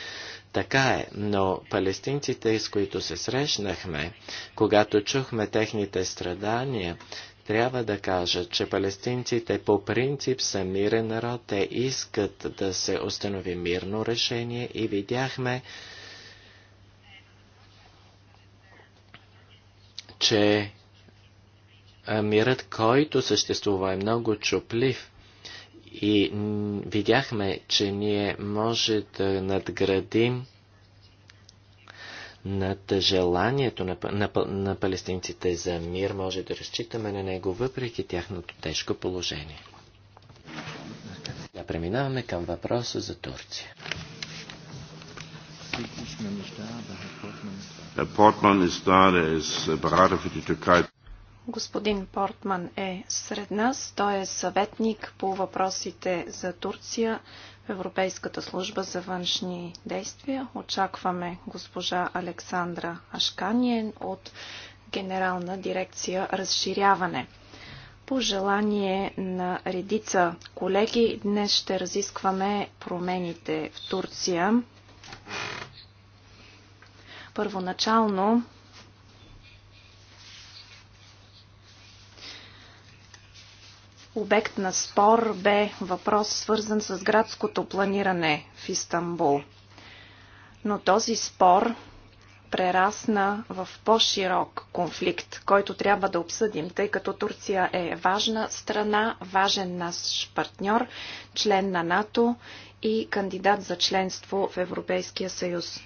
[SPEAKER 4] Така е, но палестинците, с които се срещнахме, когато чухме техните страдания, трябва да кажа, че палестинците по принцип са мирен народ, те искат да се установи мирно решение и видяхме, че мирът, който съществува е много чуплив и видяхме, че ние може да надградим над желанието на, на, на палестинците за мир, може да разчитаме на него, въпреки тяхното тежко положение. Да преминаваме към въпроса за Турция.
[SPEAKER 1] Herr Portman ist da, der ist äh, Berater für die Türkei.
[SPEAKER 2] Господин Портман е сред нас. Той е съветник по въпросите за Турция в Европейската служба за външни действия. Очакваме госпожа Александра Ашканиен от Генерална дирекция Разширяване. По желание на редица колеги, днес ще разискваме промените в Турция. Първоначално обект на спор бе въпрос свързан с градското планиране в Истанбул. Но този спор прерасна в по-широк конфликт, който трябва да обсъдим, тъй като Турция е важна страна, важен наш партньор, член на НАТО и кандидат за членство в Европейския съюз.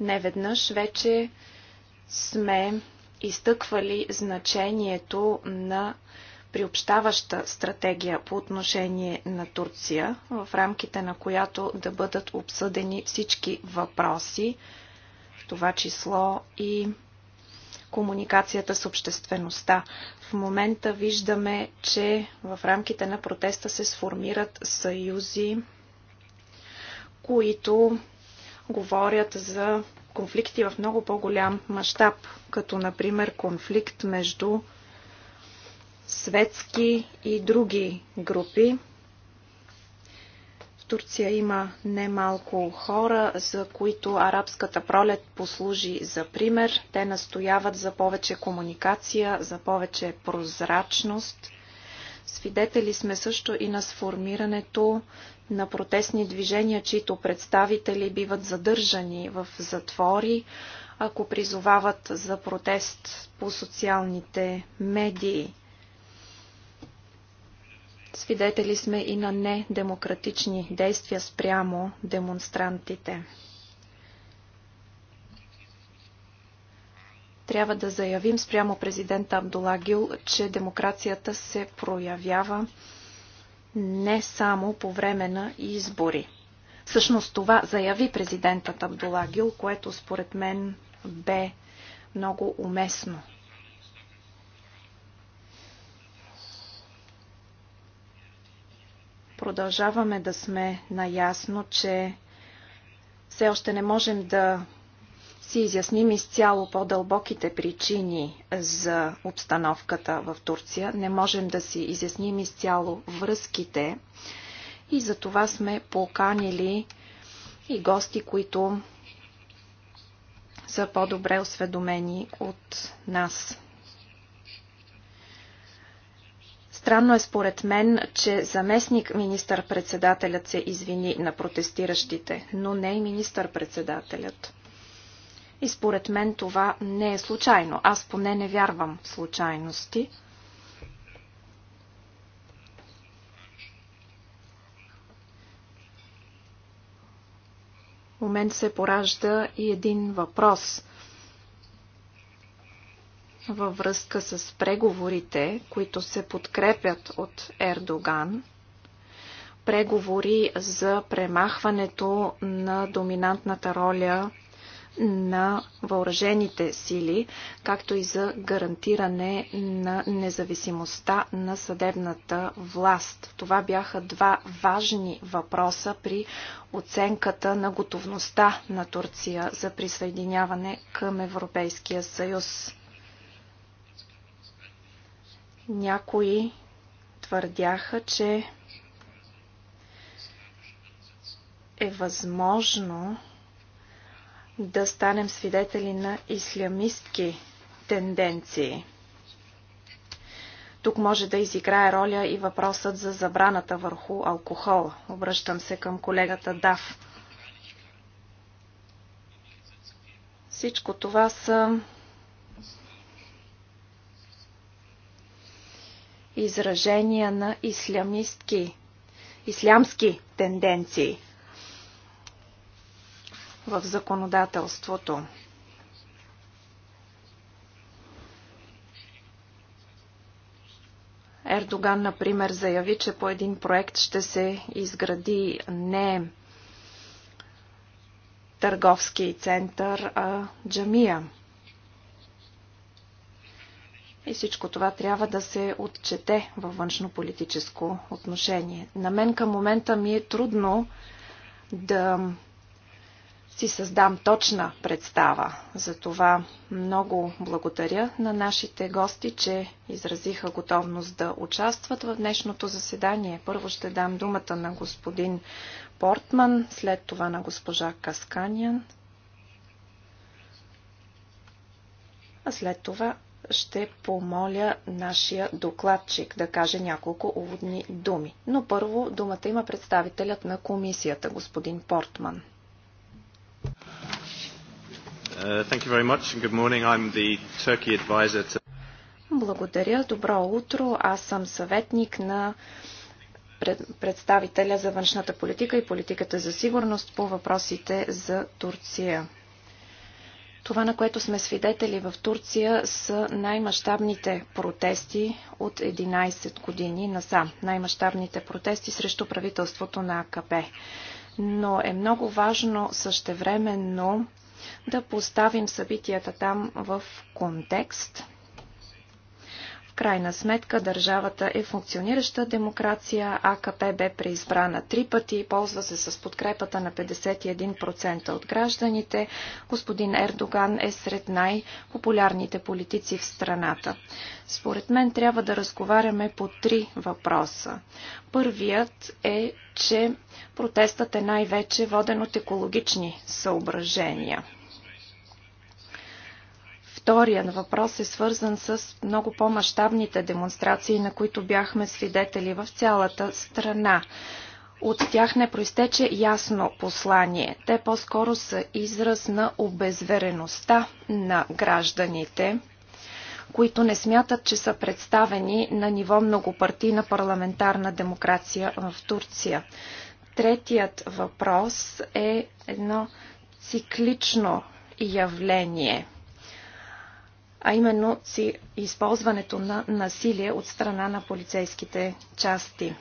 [SPEAKER 2] Неведнъж вече сме изтъквали значението на приобщаваща стратегия по отношение на Турция, в рамките на която да бъдат обсъдени всички въпроси, в това число и комуникацията с обществеността. В момента виждаме, че в рамките на протеста се сформират съюзи, които говорят за конфликти в много по-голям мащаб, като например конфликт между светски и други групи. В Турция има немалко хора, за които арабската пролет послужи за пример. Те настояват за повече комуникация, за повече прозрачност – Свидетели сме също и на сформирането на протестни движения, чието представители биват задържани в затвори, ако призовават за протест по социалните медии. Свидетели сме и на недемократични действия спрямо демонстрантите. трябва да заявим спрямо президента Гил, че демокрацията се проявява не само по време на избори. Всъщност това заяви президентът Гил, което според мен бе много уместно. Продължаваме да сме наясно, че все още не можем да си изясним изцяло по-дълбоките причини за обстановката в Турция. Не можем да си изясним изцяло връзките и за това сме поканили и гости, които са по-добре осведомени от нас. Странно е според мен, че заместник министър-председателят се извини на протестиращите, но не и министър-председателят. И според мен това не е случайно. Аз поне не вярвам в случайности. У мен се поражда и един въпрос във връзка с преговорите, които се подкрепят от Ердоган преговори за премахването на доминантната роля на въоръжените сили, както и за гарантиране на независимостта на съдебната власт. Това бяха два важни въпроса при оценката на готовността на Турция за присъединяване към Европейския съюз. Някои твърдяха, че е възможно да станем свидетели на ислямистки тенденции. Тук може да изиграе роля и въпросът за забраната върху алкохол. Обръщам се към колегата Дав. Всичко това са изражения на ислямистки, ислямски тенденции в законодателството. Ердоган, например, заяви, че по един проект ще се изгради не търговски център, а джамия. И всичко това трябва да се отчете във външно-политическо отношение. На мен към момента ми е трудно да си създам точна представа. Затова много благодаря на нашите гости, че изразиха готовност да участват в днешното заседание. Първо ще дам думата на господин Портман, след това на госпожа Касканян, а след това ще помоля нашия докладчик да каже няколко уводни думи. Но първо думата има представителят на комисията, господин Портман.
[SPEAKER 1] Uh, thank you very much and good morning.
[SPEAKER 3] I'm the Turkey advisor to...
[SPEAKER 2] Благодаря. Добро утро. Аз съм съветник на представителя за външната политика и политиката за сигурност по въпросите за Турция. Това, на което сме свидетели в Турция, са най-мащабните протести от 11 години насам. Най-мащабните протести срещу правителството на АКП. Но е много важно същевременно да поставим събитията там в контекст. В крайна сметка държавата е функционираща демокрация, АКП бе преизбрана три пъти, ползва се с подкрепата на 51% от гражданите. Господин Ердоган е сред най-популярните политици в страната. Според мен трябва да разговаряме по три въпроса. Първият е, че протестът е най-вече воден от екологични съображения – Вторият въпрос е свързан с много по-масштабните демонстрации, на които бяхме свидетели в цялата страна. От тях не проистече ясно послание. Те по-скоро са израз на обезвереността на гражданите, които не смятат, че са представени на ниво многопартийна парламентарна демокрация в Турция. Третият въпрос е едно циклично явление – а именно използването на насилие от страна на полицейските части.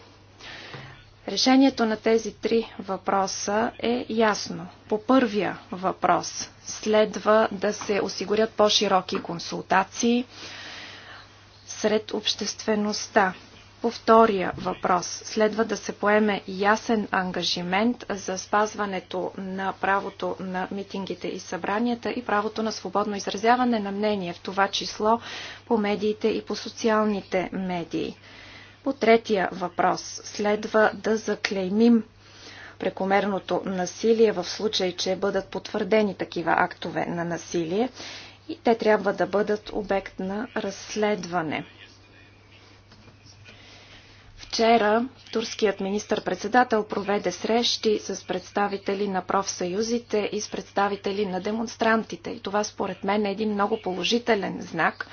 [SPEAKER 2] Решението на тези три въпроса е ясно. По първия въпрос следва да се осигурят по-широки консултации сред обществеността. По втория въпрос следва да се поеме ясен ангажимент за спазването на правото на митингите и събранията и правото на свободно изразяване на мнение, в това число по медиите и по социалните медии. По третия въпрос следва да заклеймим прекомерното насилие в случай, че бъдат потвърдени такива актове на насилие и те трябва да бъдат обект на разследване. Вчера турският министр-председател проведе срещи с представители на профсъюзите и с представители на демонстрантите. И това според мен е един много положителен знак,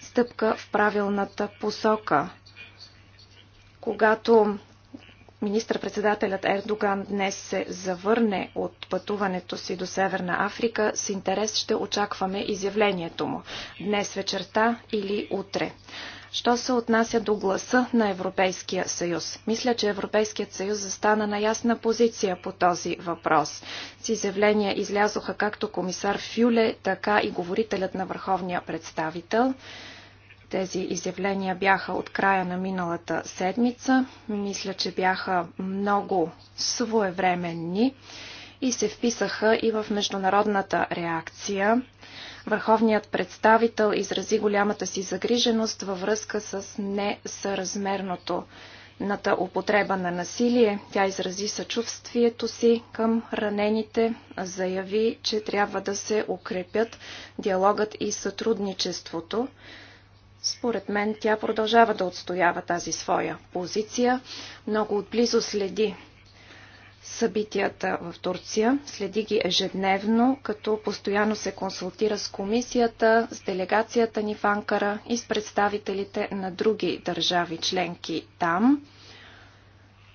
[SPEAKER 2] стъпка в правилната посока. Когато министр-председателят Ердоган днес се завърне от пътуването си до Северна Африка, с интерес ще очакваме изявлението му днес вечерта или утре. Що се отнася до гласа на Европейския съюз? Мисля, че Европейският съюз застана на ясна позиция по този въпрос. С изявления излязоха както комисар Фюле, така и говорителят на върховния представител. Тези изявления бяха от края на миналата седмица. Мисля, че бяха много своевременни и се вписаха и в международната реакция. Върховният представител изрази голямата си загриженост във връзка с несъразмерното ната употреба на насилие. Тя изрази съчувствието си към ранените, заяви, че трябва да се укрепят диалогът и сътрудничеството. Според мен тя продължава да отстоява тази своя позиция. Много отблизо следи събитията в Турция, следи ги ежедневно, като постоянно се консултира с комисията, с делегацията ни в Анкара и с представителите на други държави членки там.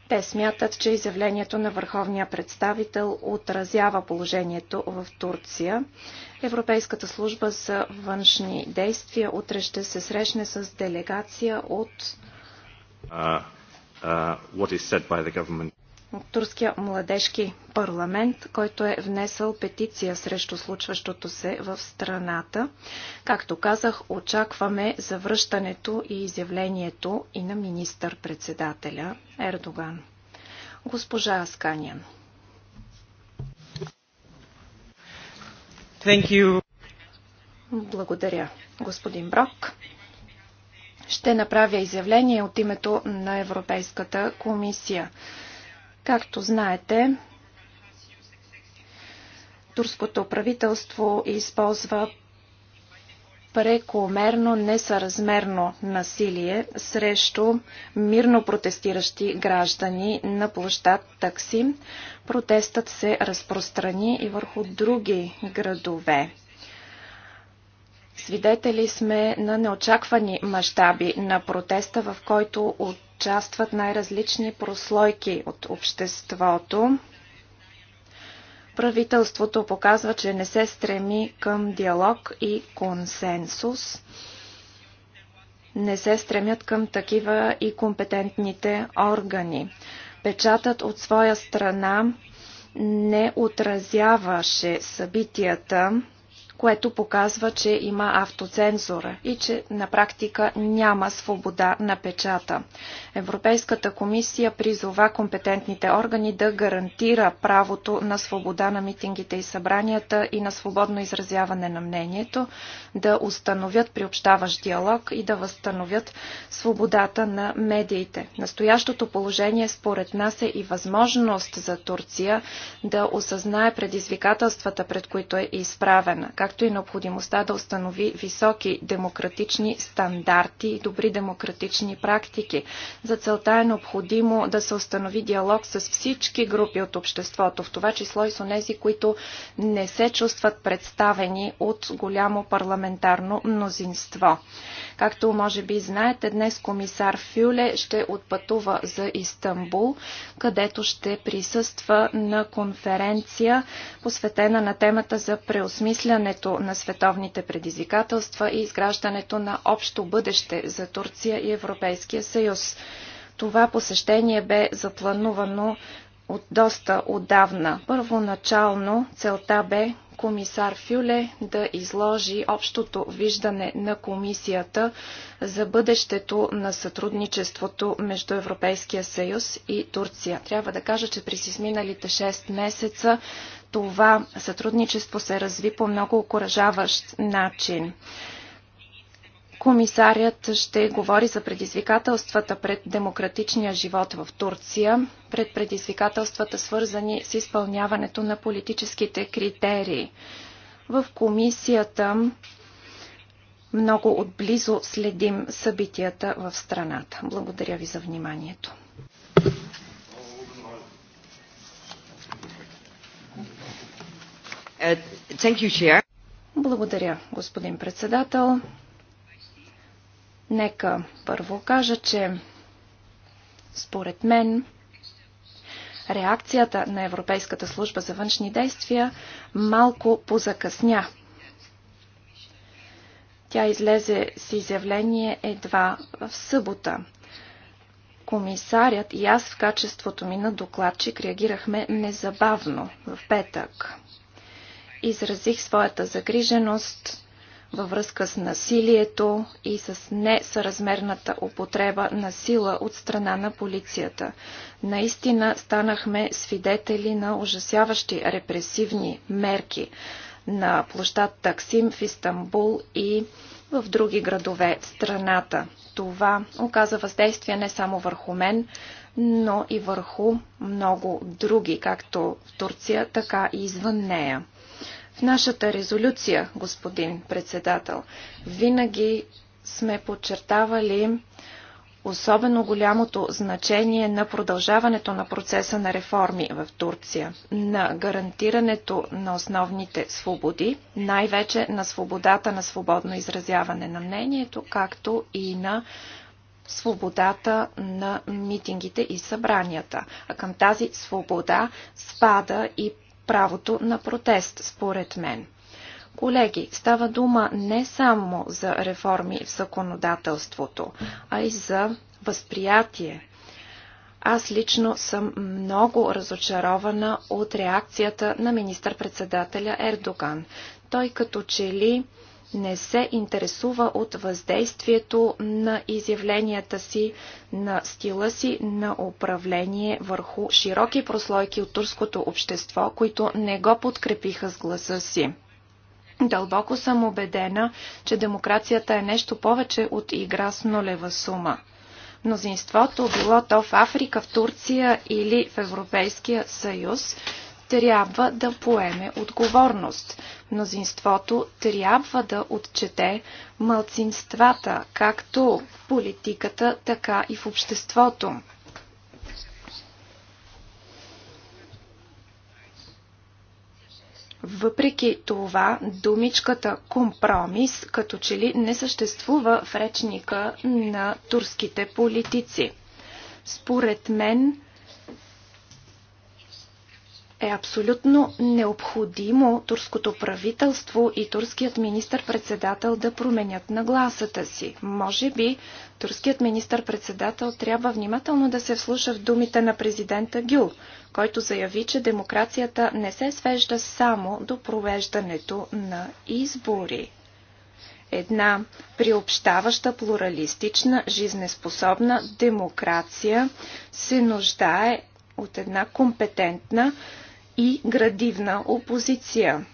[SPEAKER 2] Те смятат, че изявлението на върховния представител отразява положението в Турция. Европейската служба за външни действия утре ще се срещне с делегация от
[SPEAKER 3] uh, uh,
[SPEAKER 2] от Турския младежки парламент, който е внесъл петиция срещу случващото се в страната. Както казах, очакваме завръщането и изявлението и на министър-председателя Ердоган. Госпожа Асканян. Thank you. Благодаря, господин Брок. Ще направя изявление от името на Европейската комисия. Както знаете, турското правителство използва прекомерно несъразмерно насилие срещу мирно протестиращи граждани на площад такси, Протестът се разпространи и върху други градове. Свидетели сме на неочаквани мащаби на протеста, в който от участват най-различни прослойки от обществото. Правителството показва, че не се стреми към диалог и консенсус. Не се стремят към такива и компетентните органи. Печатът от своя страна не отразяваше събитията което показва, че има автоцензура и че на практика няма свобода на печата. Европейската комисия призова компетентните органи да гарантира правото на свобода на митингите и събранията и на свободно изразяване на мнението, да установят приобщаващ диалог и да възстановят свободата на медиите. Настоящото положение според нас е и възможност за Турция да осъзнае предизвикателствата, пред които е изправена, как както и необходимостта да установи високи демократични стандарти и добри демократични практики. За целта е необходимо да се установи диалог с всички групи от обществото, в това число и с онези, които не се чувстват представени от голямо парламентарно мнозинство. Както може би знаете, днес комисар Фюле ще отпътува за Истанбул, където ще присъства на конференция, посветена на темата за преосмисляне решаването на световните предизвикателства и изграждането на общо бъдеще за Турция и Европейския съюз. Това посещение бе запланувано от доста отдавна. Първоначално целта бе комисар Фюле да изложи общото виждане на комисията за бъдещето на сътрудничеството между Европейския съюз и Турция. Трябва да кажа, че през изминалите 6 месеца това сътрудничество се разви по много окоръжаващ начин. Комисарият ще говори за предизвикателствата пред демократичния живот в Турция, пред предизвикателствата свързани с изпълняването на политическите критерии. В комисията много отблизо следим събитията в страната. Благодаря ви за вниманието. Uh, you, Благодаря, господин председател. Нека първо кажа, че според мен реакцията на Европейската служба за външни действия малко позакъсня. Тя излезе с изявление едва в събота. Комисарят и аз в качеството ми на докладчик реагирахме незабавно в петък изразих своята загриженост във връзка с насилието и с несъразмерната употреба на сила от страна на полицията. Наистина станахме свидетели на ужасяващи репресивни мерки на площад Таксим в Истанбул и в други градове в страната. Това оказа въздействие не само върху мен, но и върху много други, както в Турция, така и извън нея. В нашата резолюция, господин председател, винаги сме подчертавали особено голямото значение на продължаването на процеса на реформи в Турция, на гарантирането на основните свободи, най-вече на свободата на свободно изразяване на мнението, както и на свободата на митингите и събранията. А към тази свобода спада и правото на протест, според мен. Колеги, става дума не само за реформи в законодателството, а и за възприятие. Аз лично съм много разочарована от реакцията на министър-председателя Ердоган. Той като че ли не се интересува от въздействието на изявленията си, на стила си на управление върху широки прослойки от турското общество, които не го подкрепиха с гласа си. Дълбоко съм убедена, че демокрацията е нещо повече от игра с нулева сума. Мнозинството, било то в Африка, в Турция или в Европейския съюз, трябва да поеме отговорност. Мнозинството трябва да отчете мълцинствата, както в политиката, така и в обществото. Въпреки това, думичката компромис като че ли не съществува в речника на турските политици. Според мен, е абсолютно необходимо турското правителство и турският министр-председател да променят нагласата си. Може би турският министр-председател трябва внимателно да се вслуша в думите на президента Гюл, който заяви, че демокрацията не се свежда само до провеждането на избори. Една приобщаваща, плуралистична, жизнеспособна демокрация се нуждае от една компетентна, и градивна опозиция.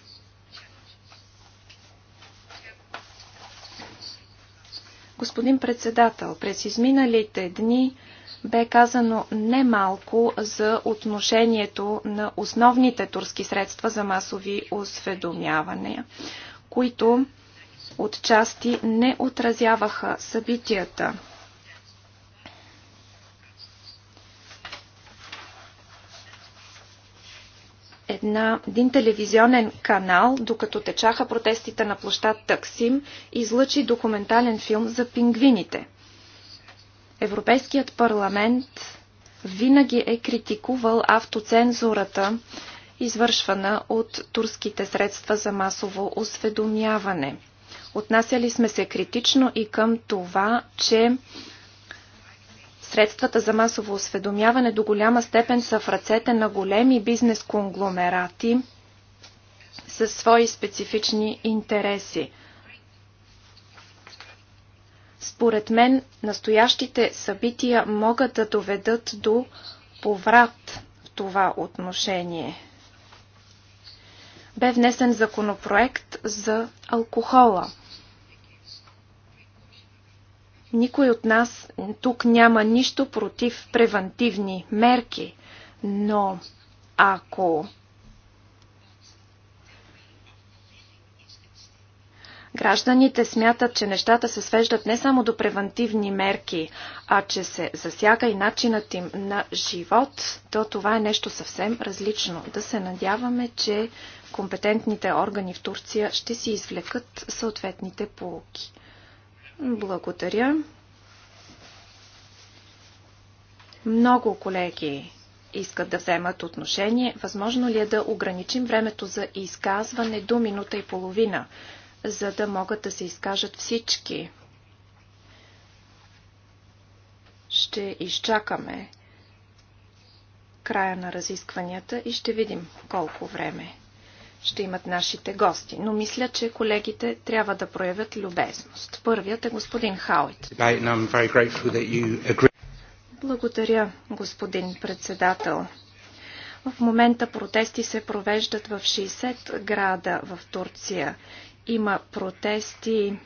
[SPEAKER 2] Господин председател, през изминалите дни бе казано немалко за отношението на основните турски средства за масови осведомявания, които отчасти не отразяваха събитията. една, един телевизионен канал, докато течаха протестите на площад Таксим, излъчи документален филм за пингвините. Европейският парламент винаги е критикувал автоцензурата, извършвана от турските средства за масово осведомяване. Отнасяли сме се критично и към това, че Средствата за масово осведомяване до голяма степен са в ръцете на големи бизнес конгломерати със свои специфични интереси. Според мен, настоящите събития могат да доведат до поврат в това отношение. Бе внесен законопроект за алкохола – никой от нас тук няма нищо против превантивни мерки, но ако Гражданите смятат, че нещата се свеждат не само до превантивни мерки, а че се засяга и начинът им на живот, то това е нещо съвсем различно. Да се надяваме, че компетентните органи в Турция ще си извлекат съответните полуки. Благодаря. Много колеги искат да вземат отношение. Възможно ли е да ограничим времето за изказване до минута и половина, за да могат да се изкажат всички? Ще изчакаме края на разискванията и ще видим колко време ще имат нашите гости. Но мисля, че колегите трябва да проявят любезност. Първият е господин Хауит. Благодаря, господин председател. В момента протести се провеждат в 60 града в Турция. Има протести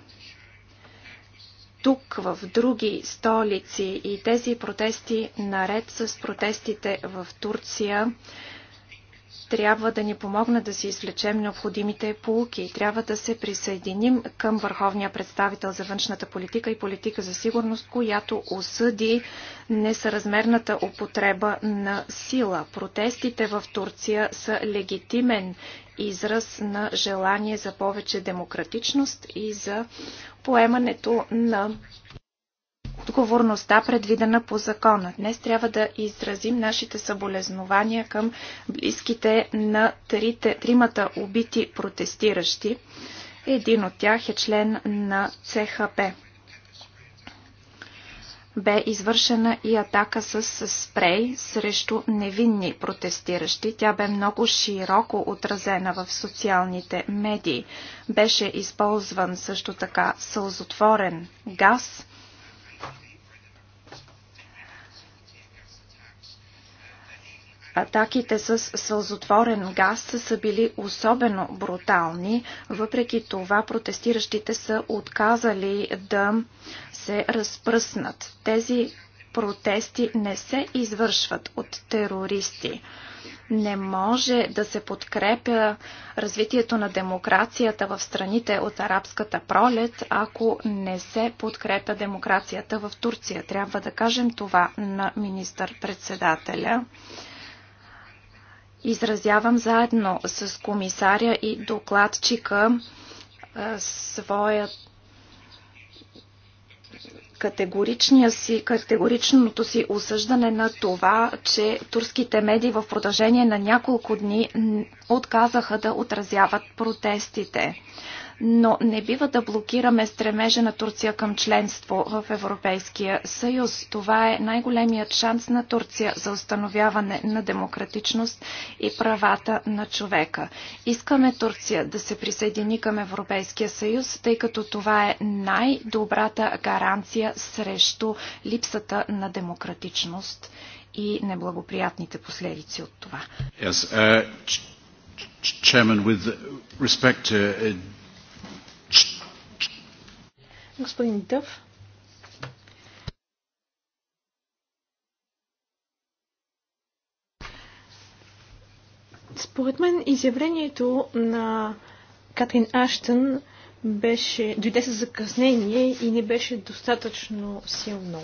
[SPEAKER 2] тук, в други столици и тези протести, наред с протестите в Турция, трябва да ни помогна да си извлечем необходимите полуки. Трябва да се присъединим към върховния представител за външната политика и политика за сигурност, която осъди несъразмерната употреба на сила. Протестите в Турция са легитимен израз на желание за повече демократичност и за поемането на отговорността, предвидена по закона. Днес трябва да изразим нашите съболезнования към близките на трите, тримата убити протестиращи. Един от тях е член на ЦХП. Бе извършена и атака с спрей срещу невинни протестиращи. Тя бе много широко отразена в социалните медии. Беше използван също така сълзотворен газ Атаките с сълзотворен газ са били особено брутални. Въпреки това протестиращите са отказали да се разпръснат. Тези протести не се извършват от терористи. Не може да се подкрепя развитието на демокрацията в страните от арабската пролет, ако не се подкрепя демокрацията в Турция. Трябва да кажем това на министър-председателя изразявам заедно с комисаря и докладчика своят категоричния си, категоричното си осъждане на това, че турските медии в продължение на няколко дни отказаха да отразяват протестите но не бива да блокираме стремежа на Турция към членство в Европейския съюз. Това е най-големият шанс на Турция за установяване на демократичност и правата на човека. Искаме Турция да се присъедини към Европейския съюз, тъй като това е най-добрата гаранция срещу липсата на демократичност и неблагоприятните последици от това.
[SPEAKER 1] Yes, uh, chairman, with respect to uh,
[SPEAKER 3] Господин Дъв. Според мен изявлението на Катрин Аштън беше, дойде с закъснение и не беше достатъчно силно.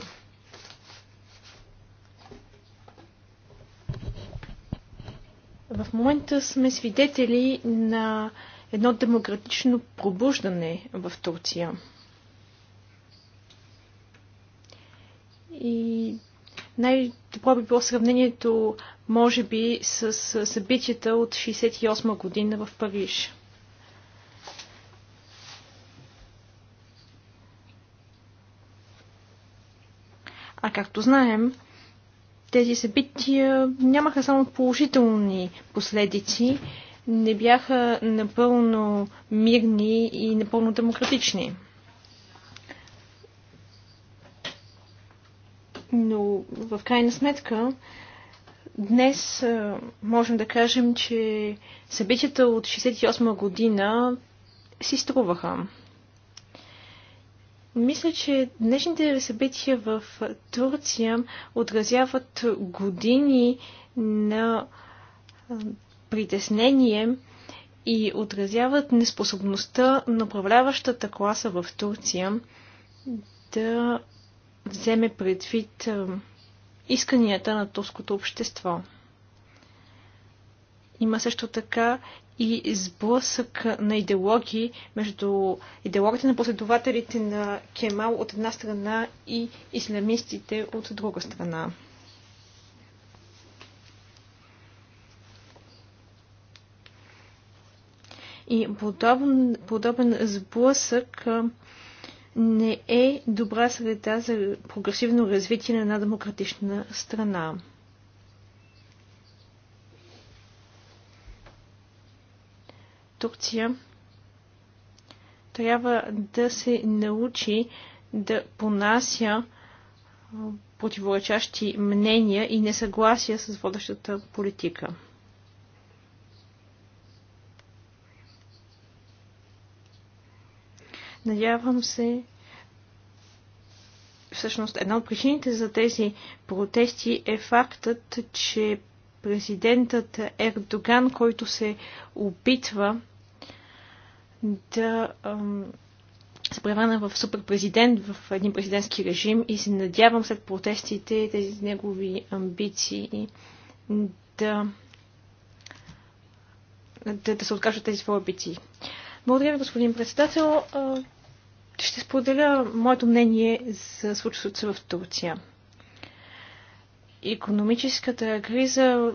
[SPEAKER 3] В момента сме свидетели на едно демократично пробуждане в Турция. И най-добро би било сравнението, може би, с събитията от 68 година в Париж. А както знаем, тези събития нямаха само положителни последици, не бяха напълно мирни и напълно демократични. Но в крайна сметка, днес можем да кажем, че събитията от 68 година си струваха. Мисля, че днешните събития в Турция отразяват години на притеснение и отразяват неспособността на управляващата класа в Турция да вземе предвид исканията на турското общество. Има също така и сблъсък на идеологии между идеологите на последователите на Кемал от една страна и исламистите от друга страна. И подобен, подобен сблъсък не е добра среда за прогресивно развитие на една демократична страна. Турция трябва да се научи да понася противоречащи мнения и несъгласия с водещата политика. Надявам се, всъщност една от причините за тези протести е фактът, че президентът Ердоган, който се опитва да се превърна в суперпрезидент в един президентски режим и се надявам след протестите тези негови амбиции да, да, да се откажат тези свои амбиции. Благодаря ви, господин председател. Ще споделя моето мнение за случващото се в Турция. Економическата криза,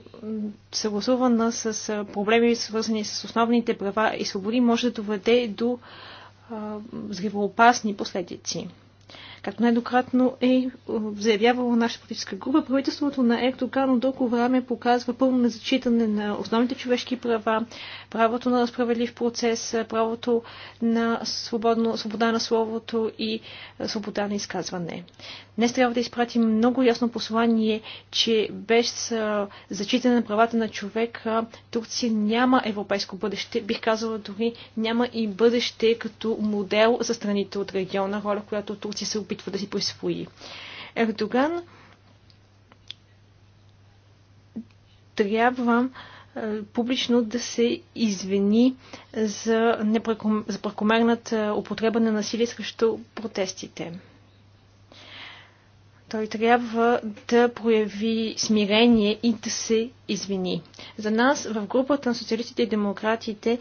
[SPEAKER 3] съгласувана с проблеми, свързани с основните права и свободи, може да доведе до здравеопасни последици. Както най-дократно е, е заявявала наша политическа група, правителството на Ердоган от дълго време показва пълно незачитане на основните човешки права, правото на справедлив процес, правото на свободно, свобода на словото и е, свобода на изказване. Днес трябва да изпратим много ясно послание, че без е, зачитане на правата на човека Турция няма европейско бъдеще. Бих казала дори няма и бъдеще като модел за страните от региона, роля, която Турция се опитва опитва да си присвои. Ердоган трябва е, публично да се извини за, непреком... за прекомерната е, употреба на насилие срещу протестите. Той трябва да прояви смирение и да се извини. За нас в групата на социалистите и демократите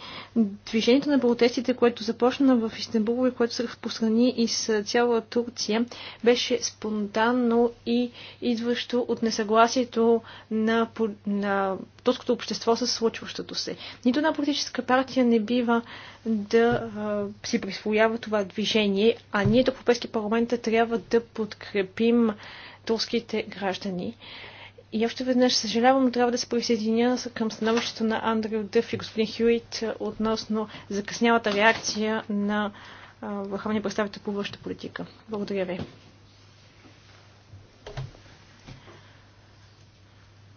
[SPEAKER 3] движението на протестите, което започна в Истанбул и което се разпространи из цяла Турция, беше спонтанно и идващо от несъгласието на, на турското общество с случващото се. Нито една политическа партия не бива да а, си присвоява това движение, а ние до Европейски парламент трябва да подкрепим турските граждани. И още веднъж съжалявам, но трябва да се присъединя към становището на Андрю Дъф и господин Хюит е, относно закъснялата реакция на е, върховния представител по външната политика. Благодаря ви.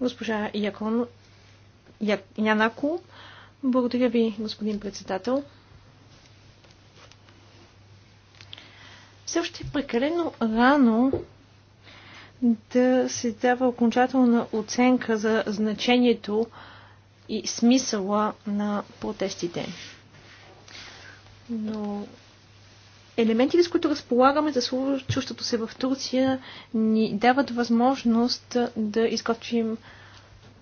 [SPEAKER 3] Госпожа Якон Я... Янако, благодаря ви, господин председател. Все още е прекалено рано да се дава окончателна оценка за значението и смисъла на протестите. Но елементите, с които разполагаме за случващото се в Турция, ни дават възможност да изготвим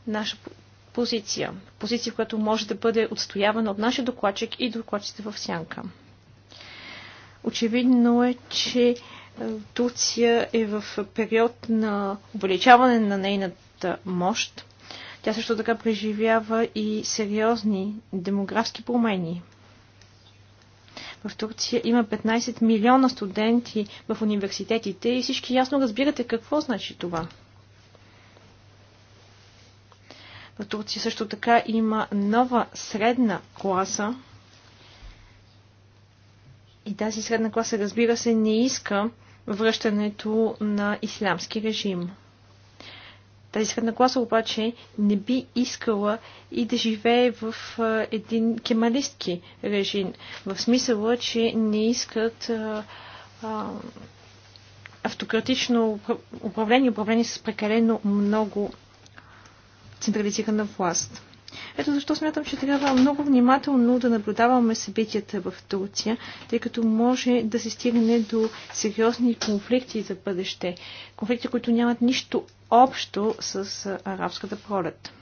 [SPEAKER 3] наша позиция. Позиция, която може да бъде отстоявана от нашия докладчик и докладчите в сянка. Очевидно е, че Турция е в период на увеличаване на нейната мощ. Тя също така преживява и сериозни демографски промени. В Турция има 15 милиона студенти в университетите и всички ясно разбирате какво значи това. В Турция също така има нова средна класа. И тази средна класа, разбира се, не иска връщането на ислямски режим. Тази средна класа обаче не би искала и да живее в един кемалистки режим. В смисъла, че не искат а, а, автократично управление, управление с прекалено много централизирана власт. Ето защо смятам, че трябва много внимателно да наблюдаваме събитията в Турция, тъй като може да се стигне до сериозни конфликти за бъдеще. Конфликти, които нямат нищо общо с арабската пролет.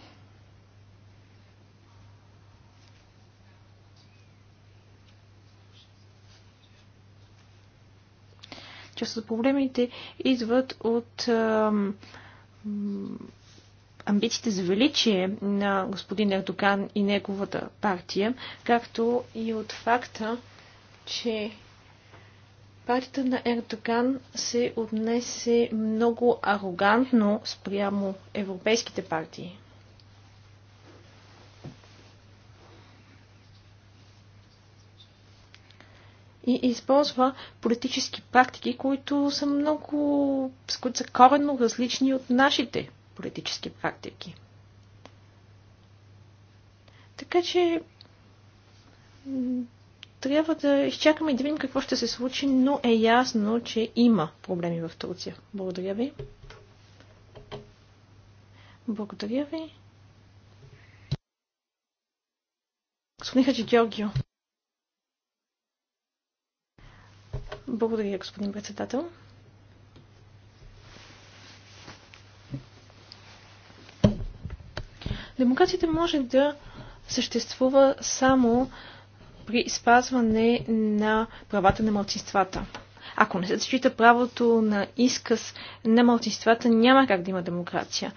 [SPEAKER 3] Част от проблемите идват от амбициите за величие на господин Ердоган и неговата партия, както и от факта, че партията на Ердоган се отнесе много арогантно спрямо европейските партии. и използва политически практики, които са много, които са коренно различни от нашите политически практики. Така че трябва да изчакаме и да видим какво ще се случи, но е ясно, че има проблеми в Турция. Благодаря ви. Благодаря ви. Господин Хаджи Георгио. Благодаря, господин председател. Демокрацията може да съществува само при спазване на правата на мълчинствата. Ако не се зачита правото на изказ на мълчинствата, няма как да има демокрация.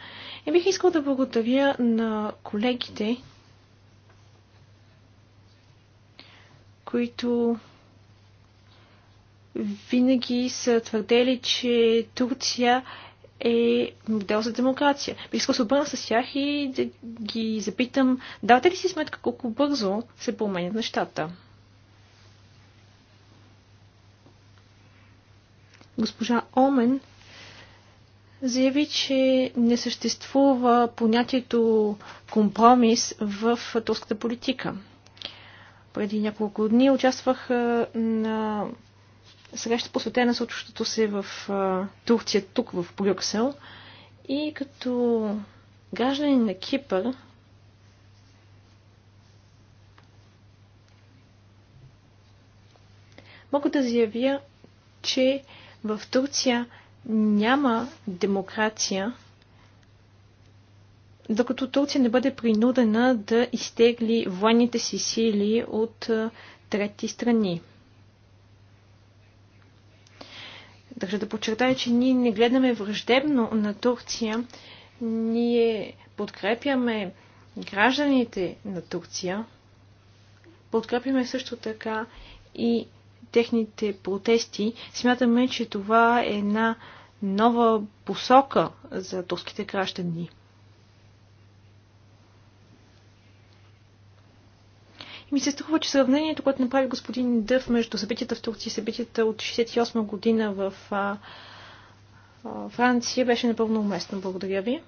[SPEAKER 3] И бих искал да благодаря на колегите, които винаги са твърдели, че Турция е модел за демокрация. Бих искал да се обърна с тях и да ги запитам, давате ли си сметка колко бързо се променят нещата? Госпожа Омен заяви, че не съществува понятието компромис в турската политика. Преди няколко дни участвах на среща посветена случващото се в Турция, тук в Брюксел. И като гражданин на Кипър, мога да заявя, че в Турция няма демокрация, докато Турция не бъде принудена да изтегли военните си сили от трети страни. Държа да подчертая, че ние не гледаме враждебно на Турция. Ние подкрепяме гражданите на Турция. Подкрепяме също така и техните протести. Смятаме, че това е една нова посока за турските граждани. ми се струва, че сравнението, което направи господин Дъв между събитията в Турция и събитията от 68 година в а, а, Франция, беше напълно уместно. Благодаря ви.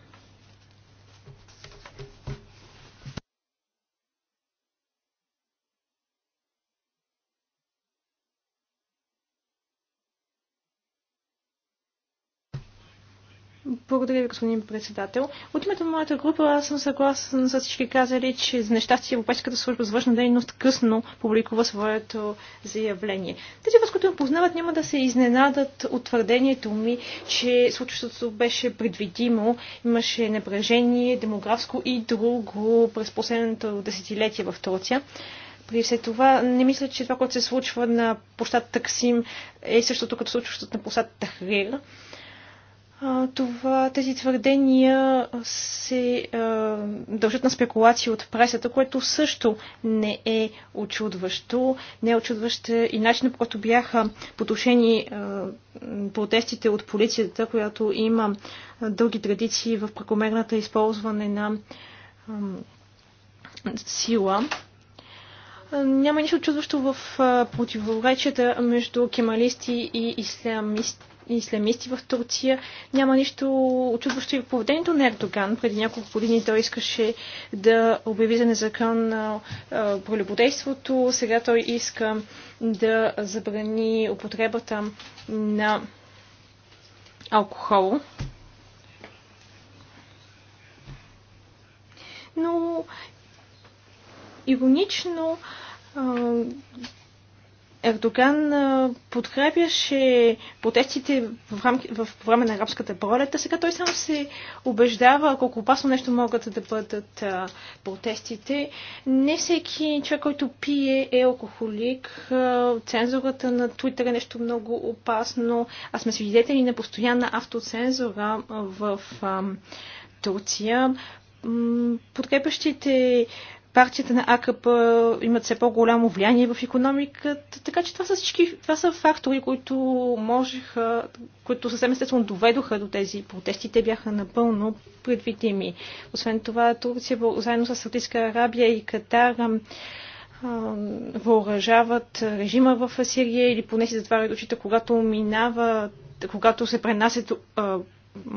[SPEAKER 3] Благодаря ви, господин председател. От името на моята група аз съм съгласен с всички казали, че за нещастие Европейската служба за външна дейност късно публикува своето заявление. Тези вас, които ме познават, няма да се изненадат от твърдението ми, че случващото беше предвидимо, имаше напрежение, демографско и друго през последното десетилетие в Турция. При все това, не мисля, че това, което се случва на площад Таксим е същото като случващото на площад Тахрир това, тези твърдения се а, дължат на спекулации от пресата, което също не е очудващо. Не е очудващо и начинът, по който бяха потушени а, протестите от полицията, която има дълги традиции в прекомерната използване на а, сила. сила. Няма нищо чудващо в противоречията между кемалисти и ислямисти исламисти в Турция. Няма нищо очудващо и в поведението на Ердоган. Преди няколко години той искаше да обяви за незакон пролюбодейството. Сега той иска да забрани употребата на алкохол. Но иронично Ердоган подкрепяше протестите в, в време на арабската пролет, а сега той само се убеждава колко опасно нещо могат да бъдат а, протестите. Не всеки човек, който пие е алкохолик. цензурата на Твитър е нещо много опасно. Аз сме свидетели на постоянна автоцензура в а, Турция подкрепящите партията на АКП имат все по-голямо влияние в економиката. Така че това са всички, това са фактори, които можеха, които съвсем естествено доведоха до тези протести. Те бяха напълно предвидими. Освен това, Турция заедно с Саудитска Арабия и Катар въоръжават режима в Сирия или поне си затварят очите, когато минава, когато се пренасят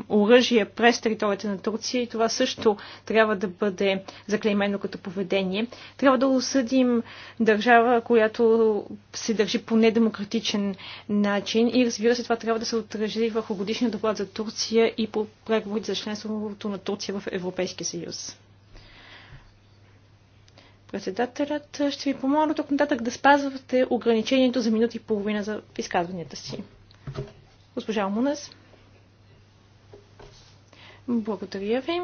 [SPEAKER 3] оръжия през територията на Турция и това също трябва да бъде заклеймено като поведение. Трябва да осъдим държава, която се държи по недемократичен начин и разбира се това трябва да се отрази върху годишния доклад за Турция и по преговорите за членството на Турция в Европейския съюз. Председателят ще ви помоля тук нататък да спазвате ограничението за минути и половина за изказванията си. Госпожа Омунес. Благодаря ви.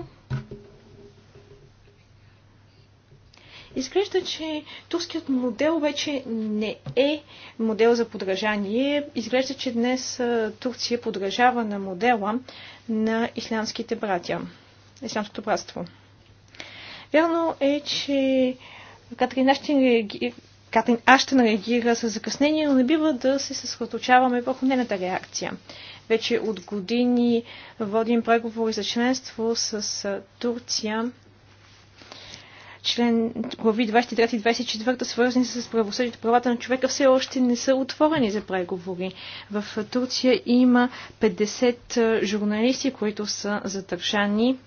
[SPEAKER 3] Изглежда, че турският модел вече не е модел за подражание. Изглежда, че днес Турция подражава на модела на ислямските братя, ислямското братство. Вярно е, че Катрин Аштин, реаги... Катрин Аштин реагира с закъснение, но не бива да се съсредоточаваме върху нената реакция. Вече от години водим преговори за членство с Турция. Член глави 23 и 24, свързани с правосъдието, правата на човека, все още не са отворени за преговори. В Турция има 50 журналисти, които са задържани.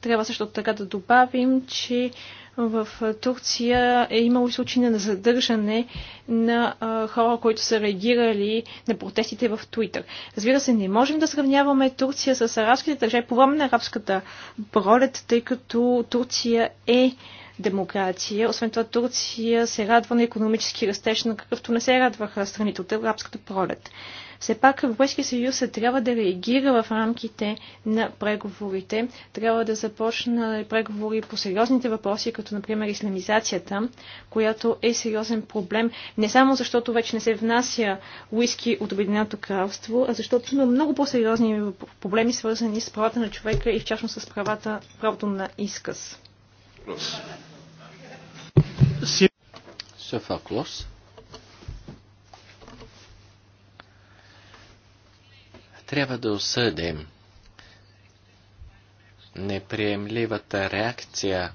[SPEAKER 3] Трябва също така да добавим, че в Турция е имало случаи на задържане на хора, които са реагирали на протестите в Туитър. Разбира се, не можем да сравняваме Турция с арабските държави по време на арабската пролет, тъй като Турция е демокрация. Освен това, Турция се радва на економически растеж, на какъвто не се радваха страните от арабската пролет. Все пак Европейския съюз трябва да реагира в рамките на преговорите. Трябва да започна преговори по сериозните въпроси, като например исламизацията, която е сериозен проблем не само защото вече не се внася уиски от Обединеното кралство, а защото има много по-сериозни проблеми, свързани с правата на човека и в частност с правата, правото на изказ.
[SPEAKER 4] Клос. Трябва да осъдим неприемливата реакция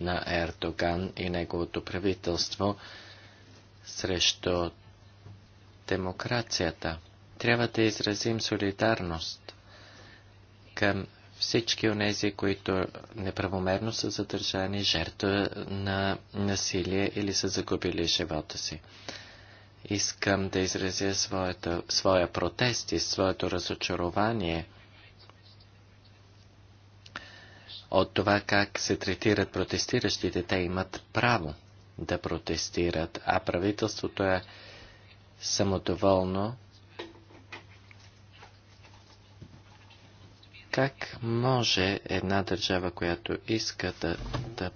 [SPEAKER 4] на Ердоган и неговото правителство срещу демокрацията. Трябва да изразим солидарност към всички тези, които неправомерно са задържани жертва на насилие или са загубили живота си. Искам да изразя своята, своя протест и своето разочарование от това как се третират протестиращите. Те имат право да протестират, а правителството е самодоволно. Как може една държава, която иска да, да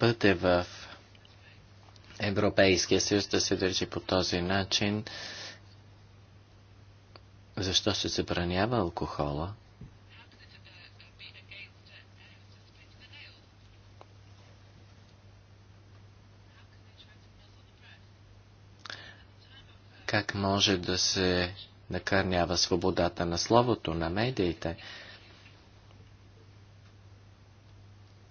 [SPEAKER 4] бъде в Европейския съюз да се държи по този начин. Защо се забранява алкохола? Как може да се накърнява свободата на словото, на медиите?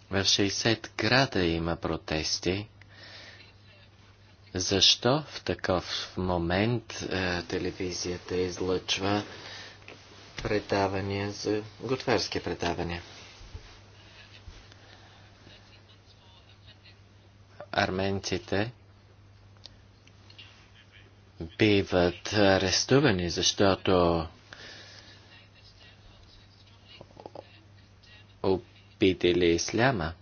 [SPEAKER 4] В 60 града има протести – защо в такъв момент е, телевизията излъчва предавания за готварски предавания? Арменците биват арестувани, защото обидели исляма.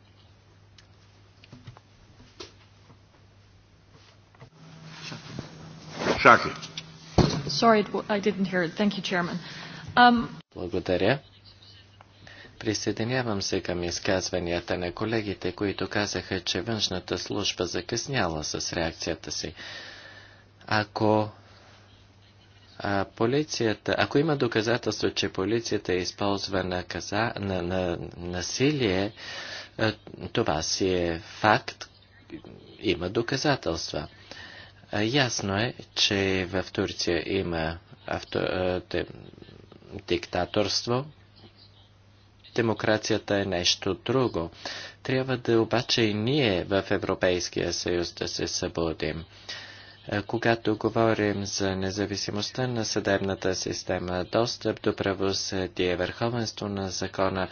[SPEAKER 3] Sorry, I didn't hear it. Thank you, Chairman. Um...
[SPEAKER 4] Благодаря. Присъединявам се към изказванията на колегите, които казаха, че външната служба закъсняла с реакцията си. Ако а, полицията, ако има доказателство, че полицията е използва наказа, на, на, насилие, това си е факт, има доказателства. Ясно е, че в Турция има авто, де, диктаторство. Демокрацията е нещо друго. Трябва да обаче и ние в Европейския съюз да се събудим. Е, когато говорим за независимостта на съдебната система, достъп до правосъдие, върховенство на закона,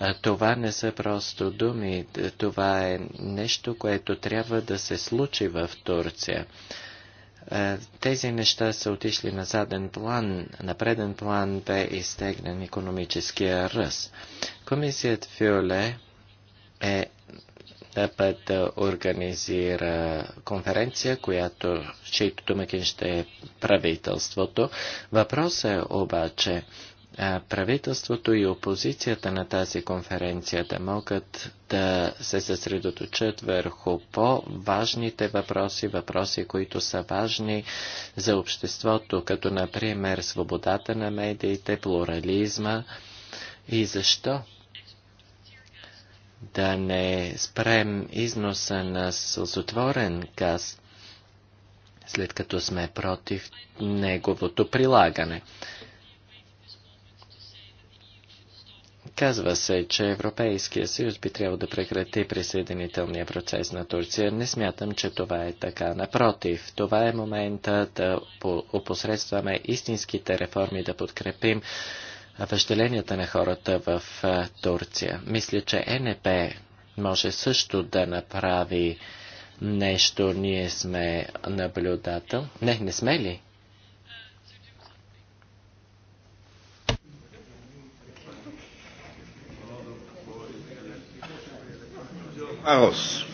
[SPEAKER 4] е, това не са просто думи, е, това е нещо, което трябва да се случи в Турция. Тези неща са отишли на заден план, на преден план бе изтегнен економическия ръст. Комисият Фюле е път организира конференция, която, чието домакин ще е правителството. Въпросът е обаче правителството и опозицията на тази конференция да могат да се съсредоточат върху по-важните въпроси, въпроси, които са важни за обществото, като например свободата на медиите, плурализма и защо да не спрем износа на сълзотворен газ, след като сме против неговото прилагане. Казва се, че Европейския съюз би трябвало да прекрати присъединителния процес на Турция. Не смятам, че това е така. Напротив, това е момента да опосредстваме истинските реформи, да подкрепим въжделенията на хората в Турция. Мисля, че е НП може също да направи нещо. Ние сме наблюдател. Не, не сме ли?
[SPEAKER 1] Хаос.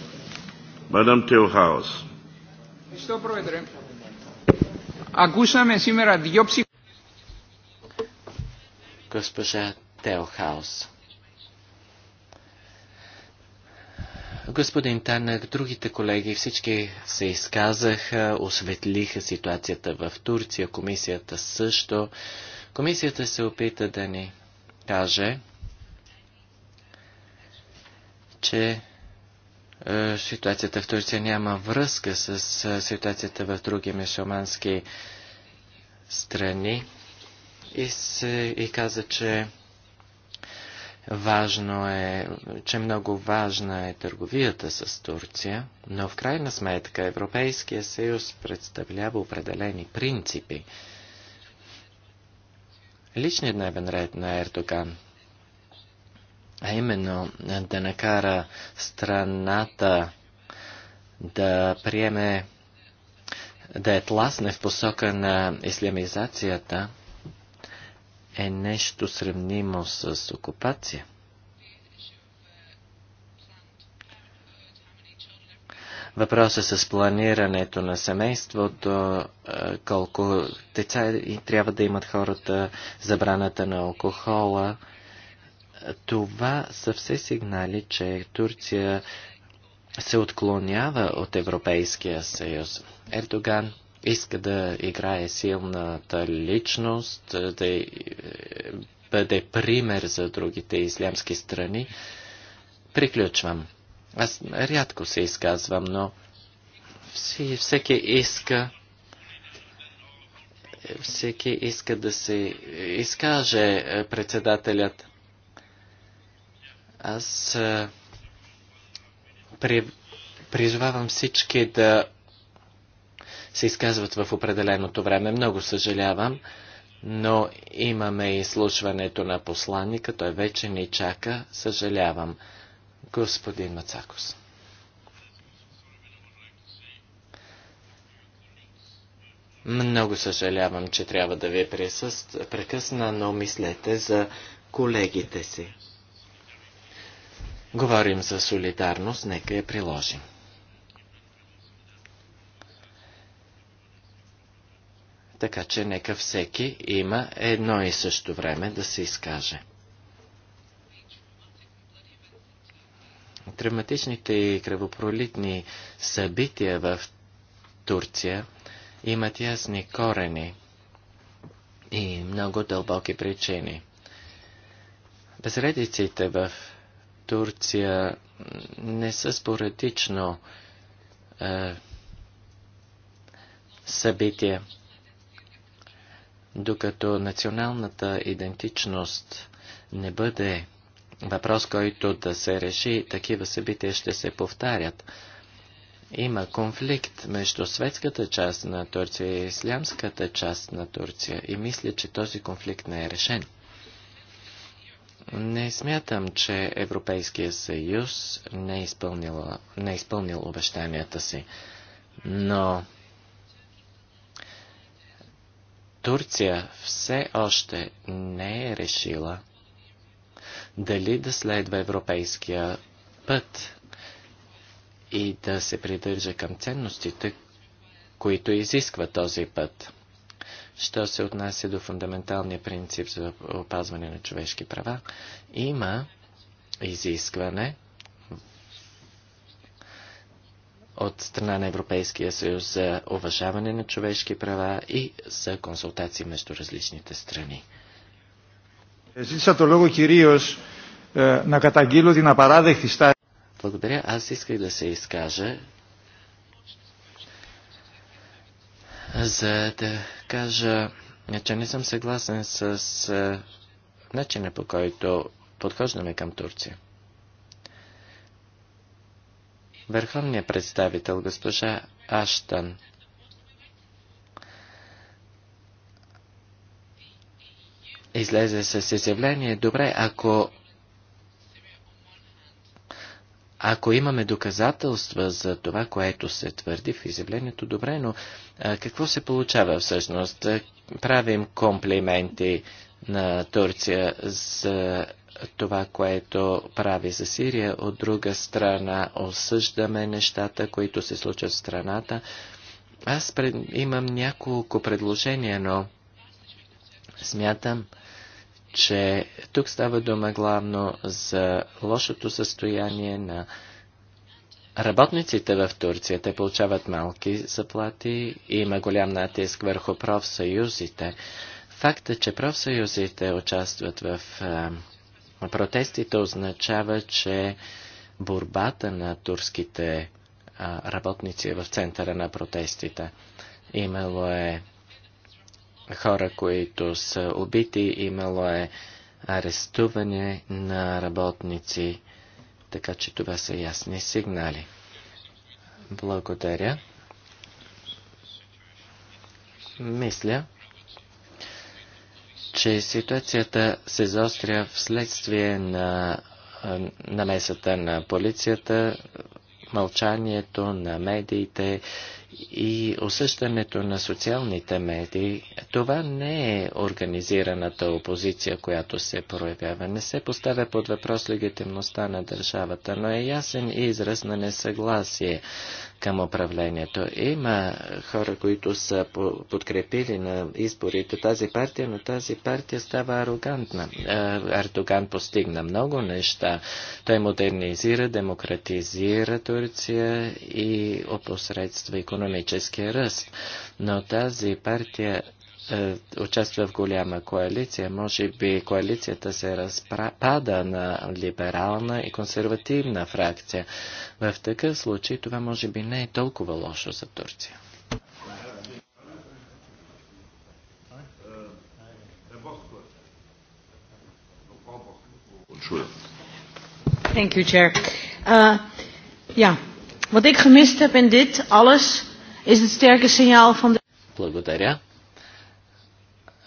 [SPEAKER 1] Мадам Тео Хаос.
[SPEAKER 4] Акούσαμε сега две госпожа Телхаус. Господин Танък, другите колеги, всички се изказаха, осветлиха ситуацията в Турция, комисията също. Комисията се опита да ни каже, че е, ситуацията в Турция няма връзка с е, ситуацията в други мусулмански страни и, се, и каза, че важно е, че много важна е търговията с Турция, но в крайна сметка Европейския съюз представлява определени принципи. Личният дневен ред на Ердоган, а именно да накара страната да приеме, да е тласне в посока на ислямизацията, е нещо сравнимо с окупация. Въпросът с планирането на семейството, е, колко деца и трябва да имат хората, забраната на алкохола. Това са все сигнали, че Турция се отклонява от Европейския съюз. Ердоган иска да играе силната личност, да е, бъде пример за другите ислямски страни. Приключвам. Аз рядко се изказвам, но всеки иска всеки иска да се изкаже е, председателят. Аз е, при, всички да се изказват в определеното време. Много съжалявам, но имаме изслушването на посланника, той вече ни чака. Съжалявам, господин Мацакос. Много съжалявам, че трябва да ви присъст, прекъсна, но мислете за колегите си. Говорим за солидарност, нека я приложим. така че нека всеки има едно и също време да се изкаже. Травматичните и кръвопролитни събития в Турция имат ясни корени и много дълбоки причини. Безредиците в Турция не са споредично е, събития. Докато националната идентичност не бъде въпрос, който да се реши, такива събития ще се повтарят. Има конфликт между светската част на Турция и ислямската част на Турция и мисля, че този конфликт не е решен. Не смятам, че Европейския съюз не е изпълнил, не е изпълнил обещанията си, но Турция все още не е решила дали да следва европейския път и да се придържа към ценностите, които изисква този път. Що се отнася до фундаменталния принцип за опазване на човешки права, има изискване от страна на Европейския съюз за уважаване на човешки права и за консултации между различните страни. Благодаря. Аз исках да се изкажа за да кажа, че не съм съгласен с начина по който подхождаме към Турция. Върховният представител госпожа Аштан излезе с изявление, добре, ако ако имаме доказателства за това, което се твърди в изявлението, добре, но а, какво се получава всъщност? Правим комплименти на Турция за това, което прави за Сирия. От друга страна осъждаме нещата, които се случат в страната. Аз пред... имам няколко предложения, но смятам, че тук става дума главно за лошото състояние на Работниците в Турция те получават малки заплати и има голям натиск върху профсъюзите. Факта, че профсъюзите участват в Протестите означава, че борбата на турските работници е в центъра на протестите. Имало е хора, които са убити, имало е арестуване на работници, така че това са ясни сигнали. Благодаря. Мисля, че ситуацията се заостря вследствие на намесата на полицията, мълчанието на медиите, и усещането на социалните медии, това не е организираната опозиция, която се проявява. Не се поставя под въпрос легитимността на държавата, но е ясен израз на несъгласие към управлението. Има хора, които са подкрепили на изборите тази партия, но тази партия става арогантна. Ардоган постигна много неща. Той модернизира, демократизира Турция и опосредства економиката економическия ръст. Но тази партия е, участва в голяма коалиция. Може би коалицията се разпада на либерална и консервативна фракция. В такъв случай това може би не е толкова лошо за Турция.
[SPEAKER 3] Thank you, Chair. Uh, ja, wat ik gemist heb in dit alles is het sterke signaal van de...
[SPEAKER 4] Благодаря.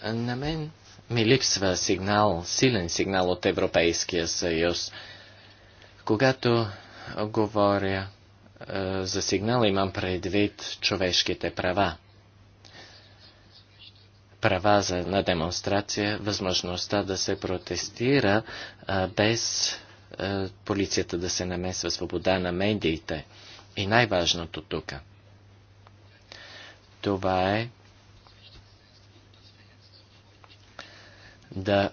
[SPEAKER 4] На мен ми липсва сигнал, силен сигнал от Европейския съюз. Когато говоря е, за сигнал, имам предвид човешките права. Права за, на демонстрация, възможността да се протестира е, без е, полицията да се намесва, свобода на медиите. И най-важното тук – това е да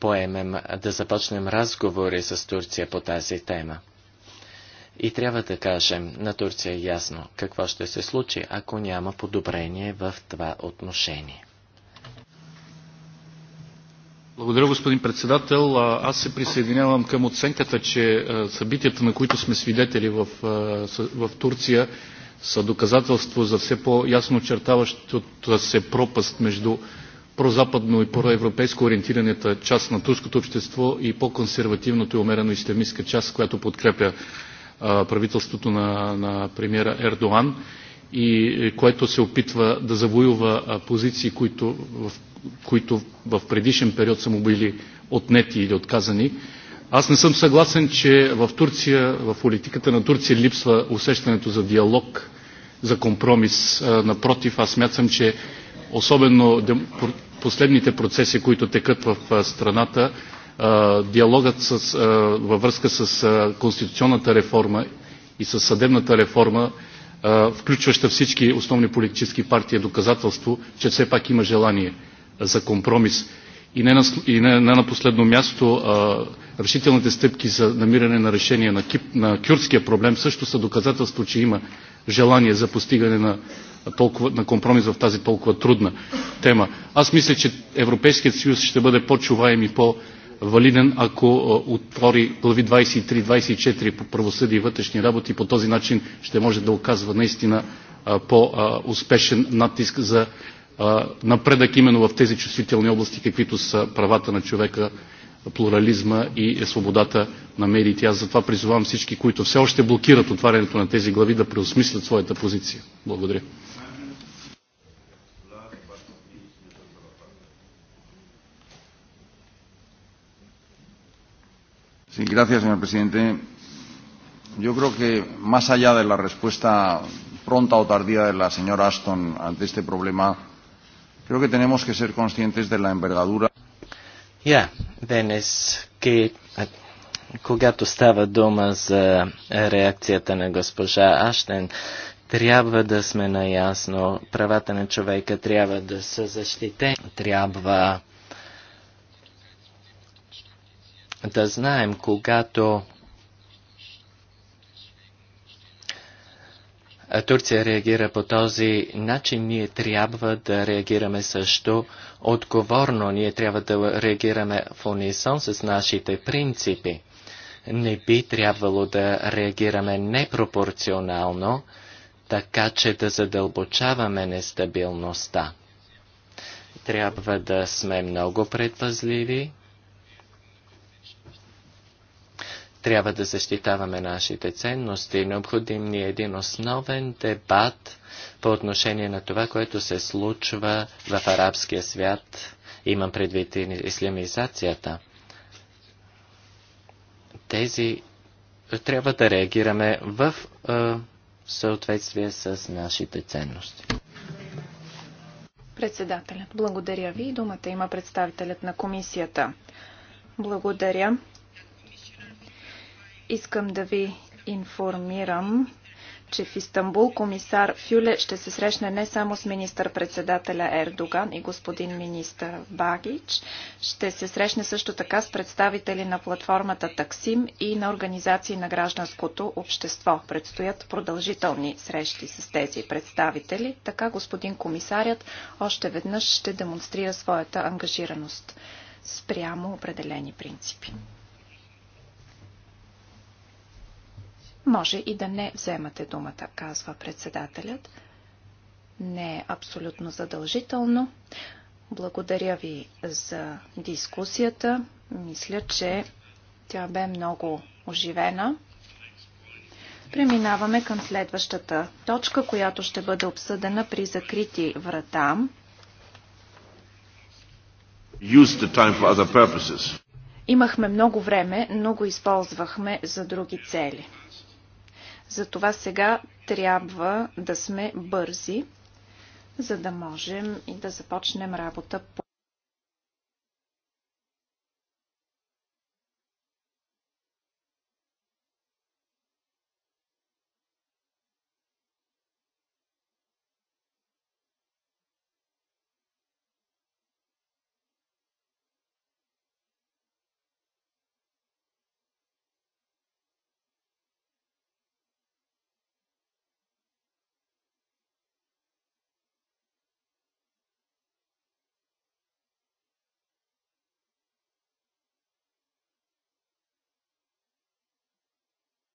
[SPEAKER 4] поемем, да започнем разговори с Турция по тази тема. И трябва да кажем на Турция ясно какво ще се случи,
[SPEAKER 1] ако няма подобрение в това отношение. Благодаря, господин председател. Аз се присъединявам към оценката, че събитията, на които сме свидетели в, в Турция, са доказателство за все по-ясно очертаващата се пропаст между прозападно и проевропейско ориентираната част на турското общество и по-консервативното и умерено ислямистска част, която подкрепя правителството на, на премиера Ердоан и е, което се опитва да завоюва позиции, които в, които в предишен период са му били отнети или отказани. Аз не съм съгласен, че в Турция, в политиката на Турция липсва усещането за диалог, за компромис. Напротив, аз смятам, че особено последните процеси, които текат в страната, диалогът с, във връзка с конституционната реформа и с съдебната реформа, включваща всички основни политически партии, е доказателство, че все пак има желание за компромис. И не на, и не, не на последно място, а, решителните стъпки за намиране на решение на, кип, на кюртския проблем също са доказателство, че има желание за постигане на, толкова, на компромис в тази толкова трудна тема. Аз мисля, че Европейският съюз ще бъде по-чуваем и по-валиден, ако отвори глави 23-24 по правосъдие и вътрешни работи. По този начин ще може да оказва наистина по-успешен натиск за напредък именно в тези чувствителни области, каквито са правата на човека, плурализма и свободата на медиите. Аз затова призовавам всички, които все още блокират отварянето на тези глави, да преосмислят своята позиция. Благодаря. Sí, gracias, señor presidente. Yo creo que, más allá de la respuesta pronta o tardía de
[SPEAKER 4] la señora Ashton ante este problema, Creo que tenemos que ser conscientes de la envergadura. yeah, Денис, ки, когато става дума за реакцията на госпожа Аштен, трябва да сме наясно, правата на човека трябва да са защитени, трябва да знаем, когато Турция реагира по този начин, ние трябва да реагираме също отговорно. Ние трябва да реагираме в унисон с нашите принципи. Не би трябвало да реагираме непропорционално, така че да задълбочаваме нестабилността. Трябва да сме много предпазливи Трябва да защитаваме нашите ценности. Необходим ни е един основен дебат по отношение на това, което се случва в арабския свят. Имам предвид и ислямизацията. Тези трябва да реагираме в е, съответствие с нашите ценности.
[SPEAKER 2] Председателят, благодаря ви. Думата има представителят на комисията. Благодаря. Искам да ви информирам, че в Истанбул комисар Фюле ще се срещне не само с министър-председателя Ердоган и господин министър Багич, ще се срещне също така с представители на платформата Таксим и на организации на гражданското общество. Предстоят продължителни срещи с тези представители, така господин комисарят още веднъж ще демонстрира своята ангажираност спрямо определени принципи. Може и да не вземате думата, казва председателят. Не е абсолютно задължително. Благодаря ви за дискусията. Мисля, че тя бе много оживена. Преминаваме към следващата точка, която ще бъде обсъдена при закрити врата. Имахме много време, но го използвахме за други цели. Затова сега трябва да сме бързи, за да можем и да започнем работа по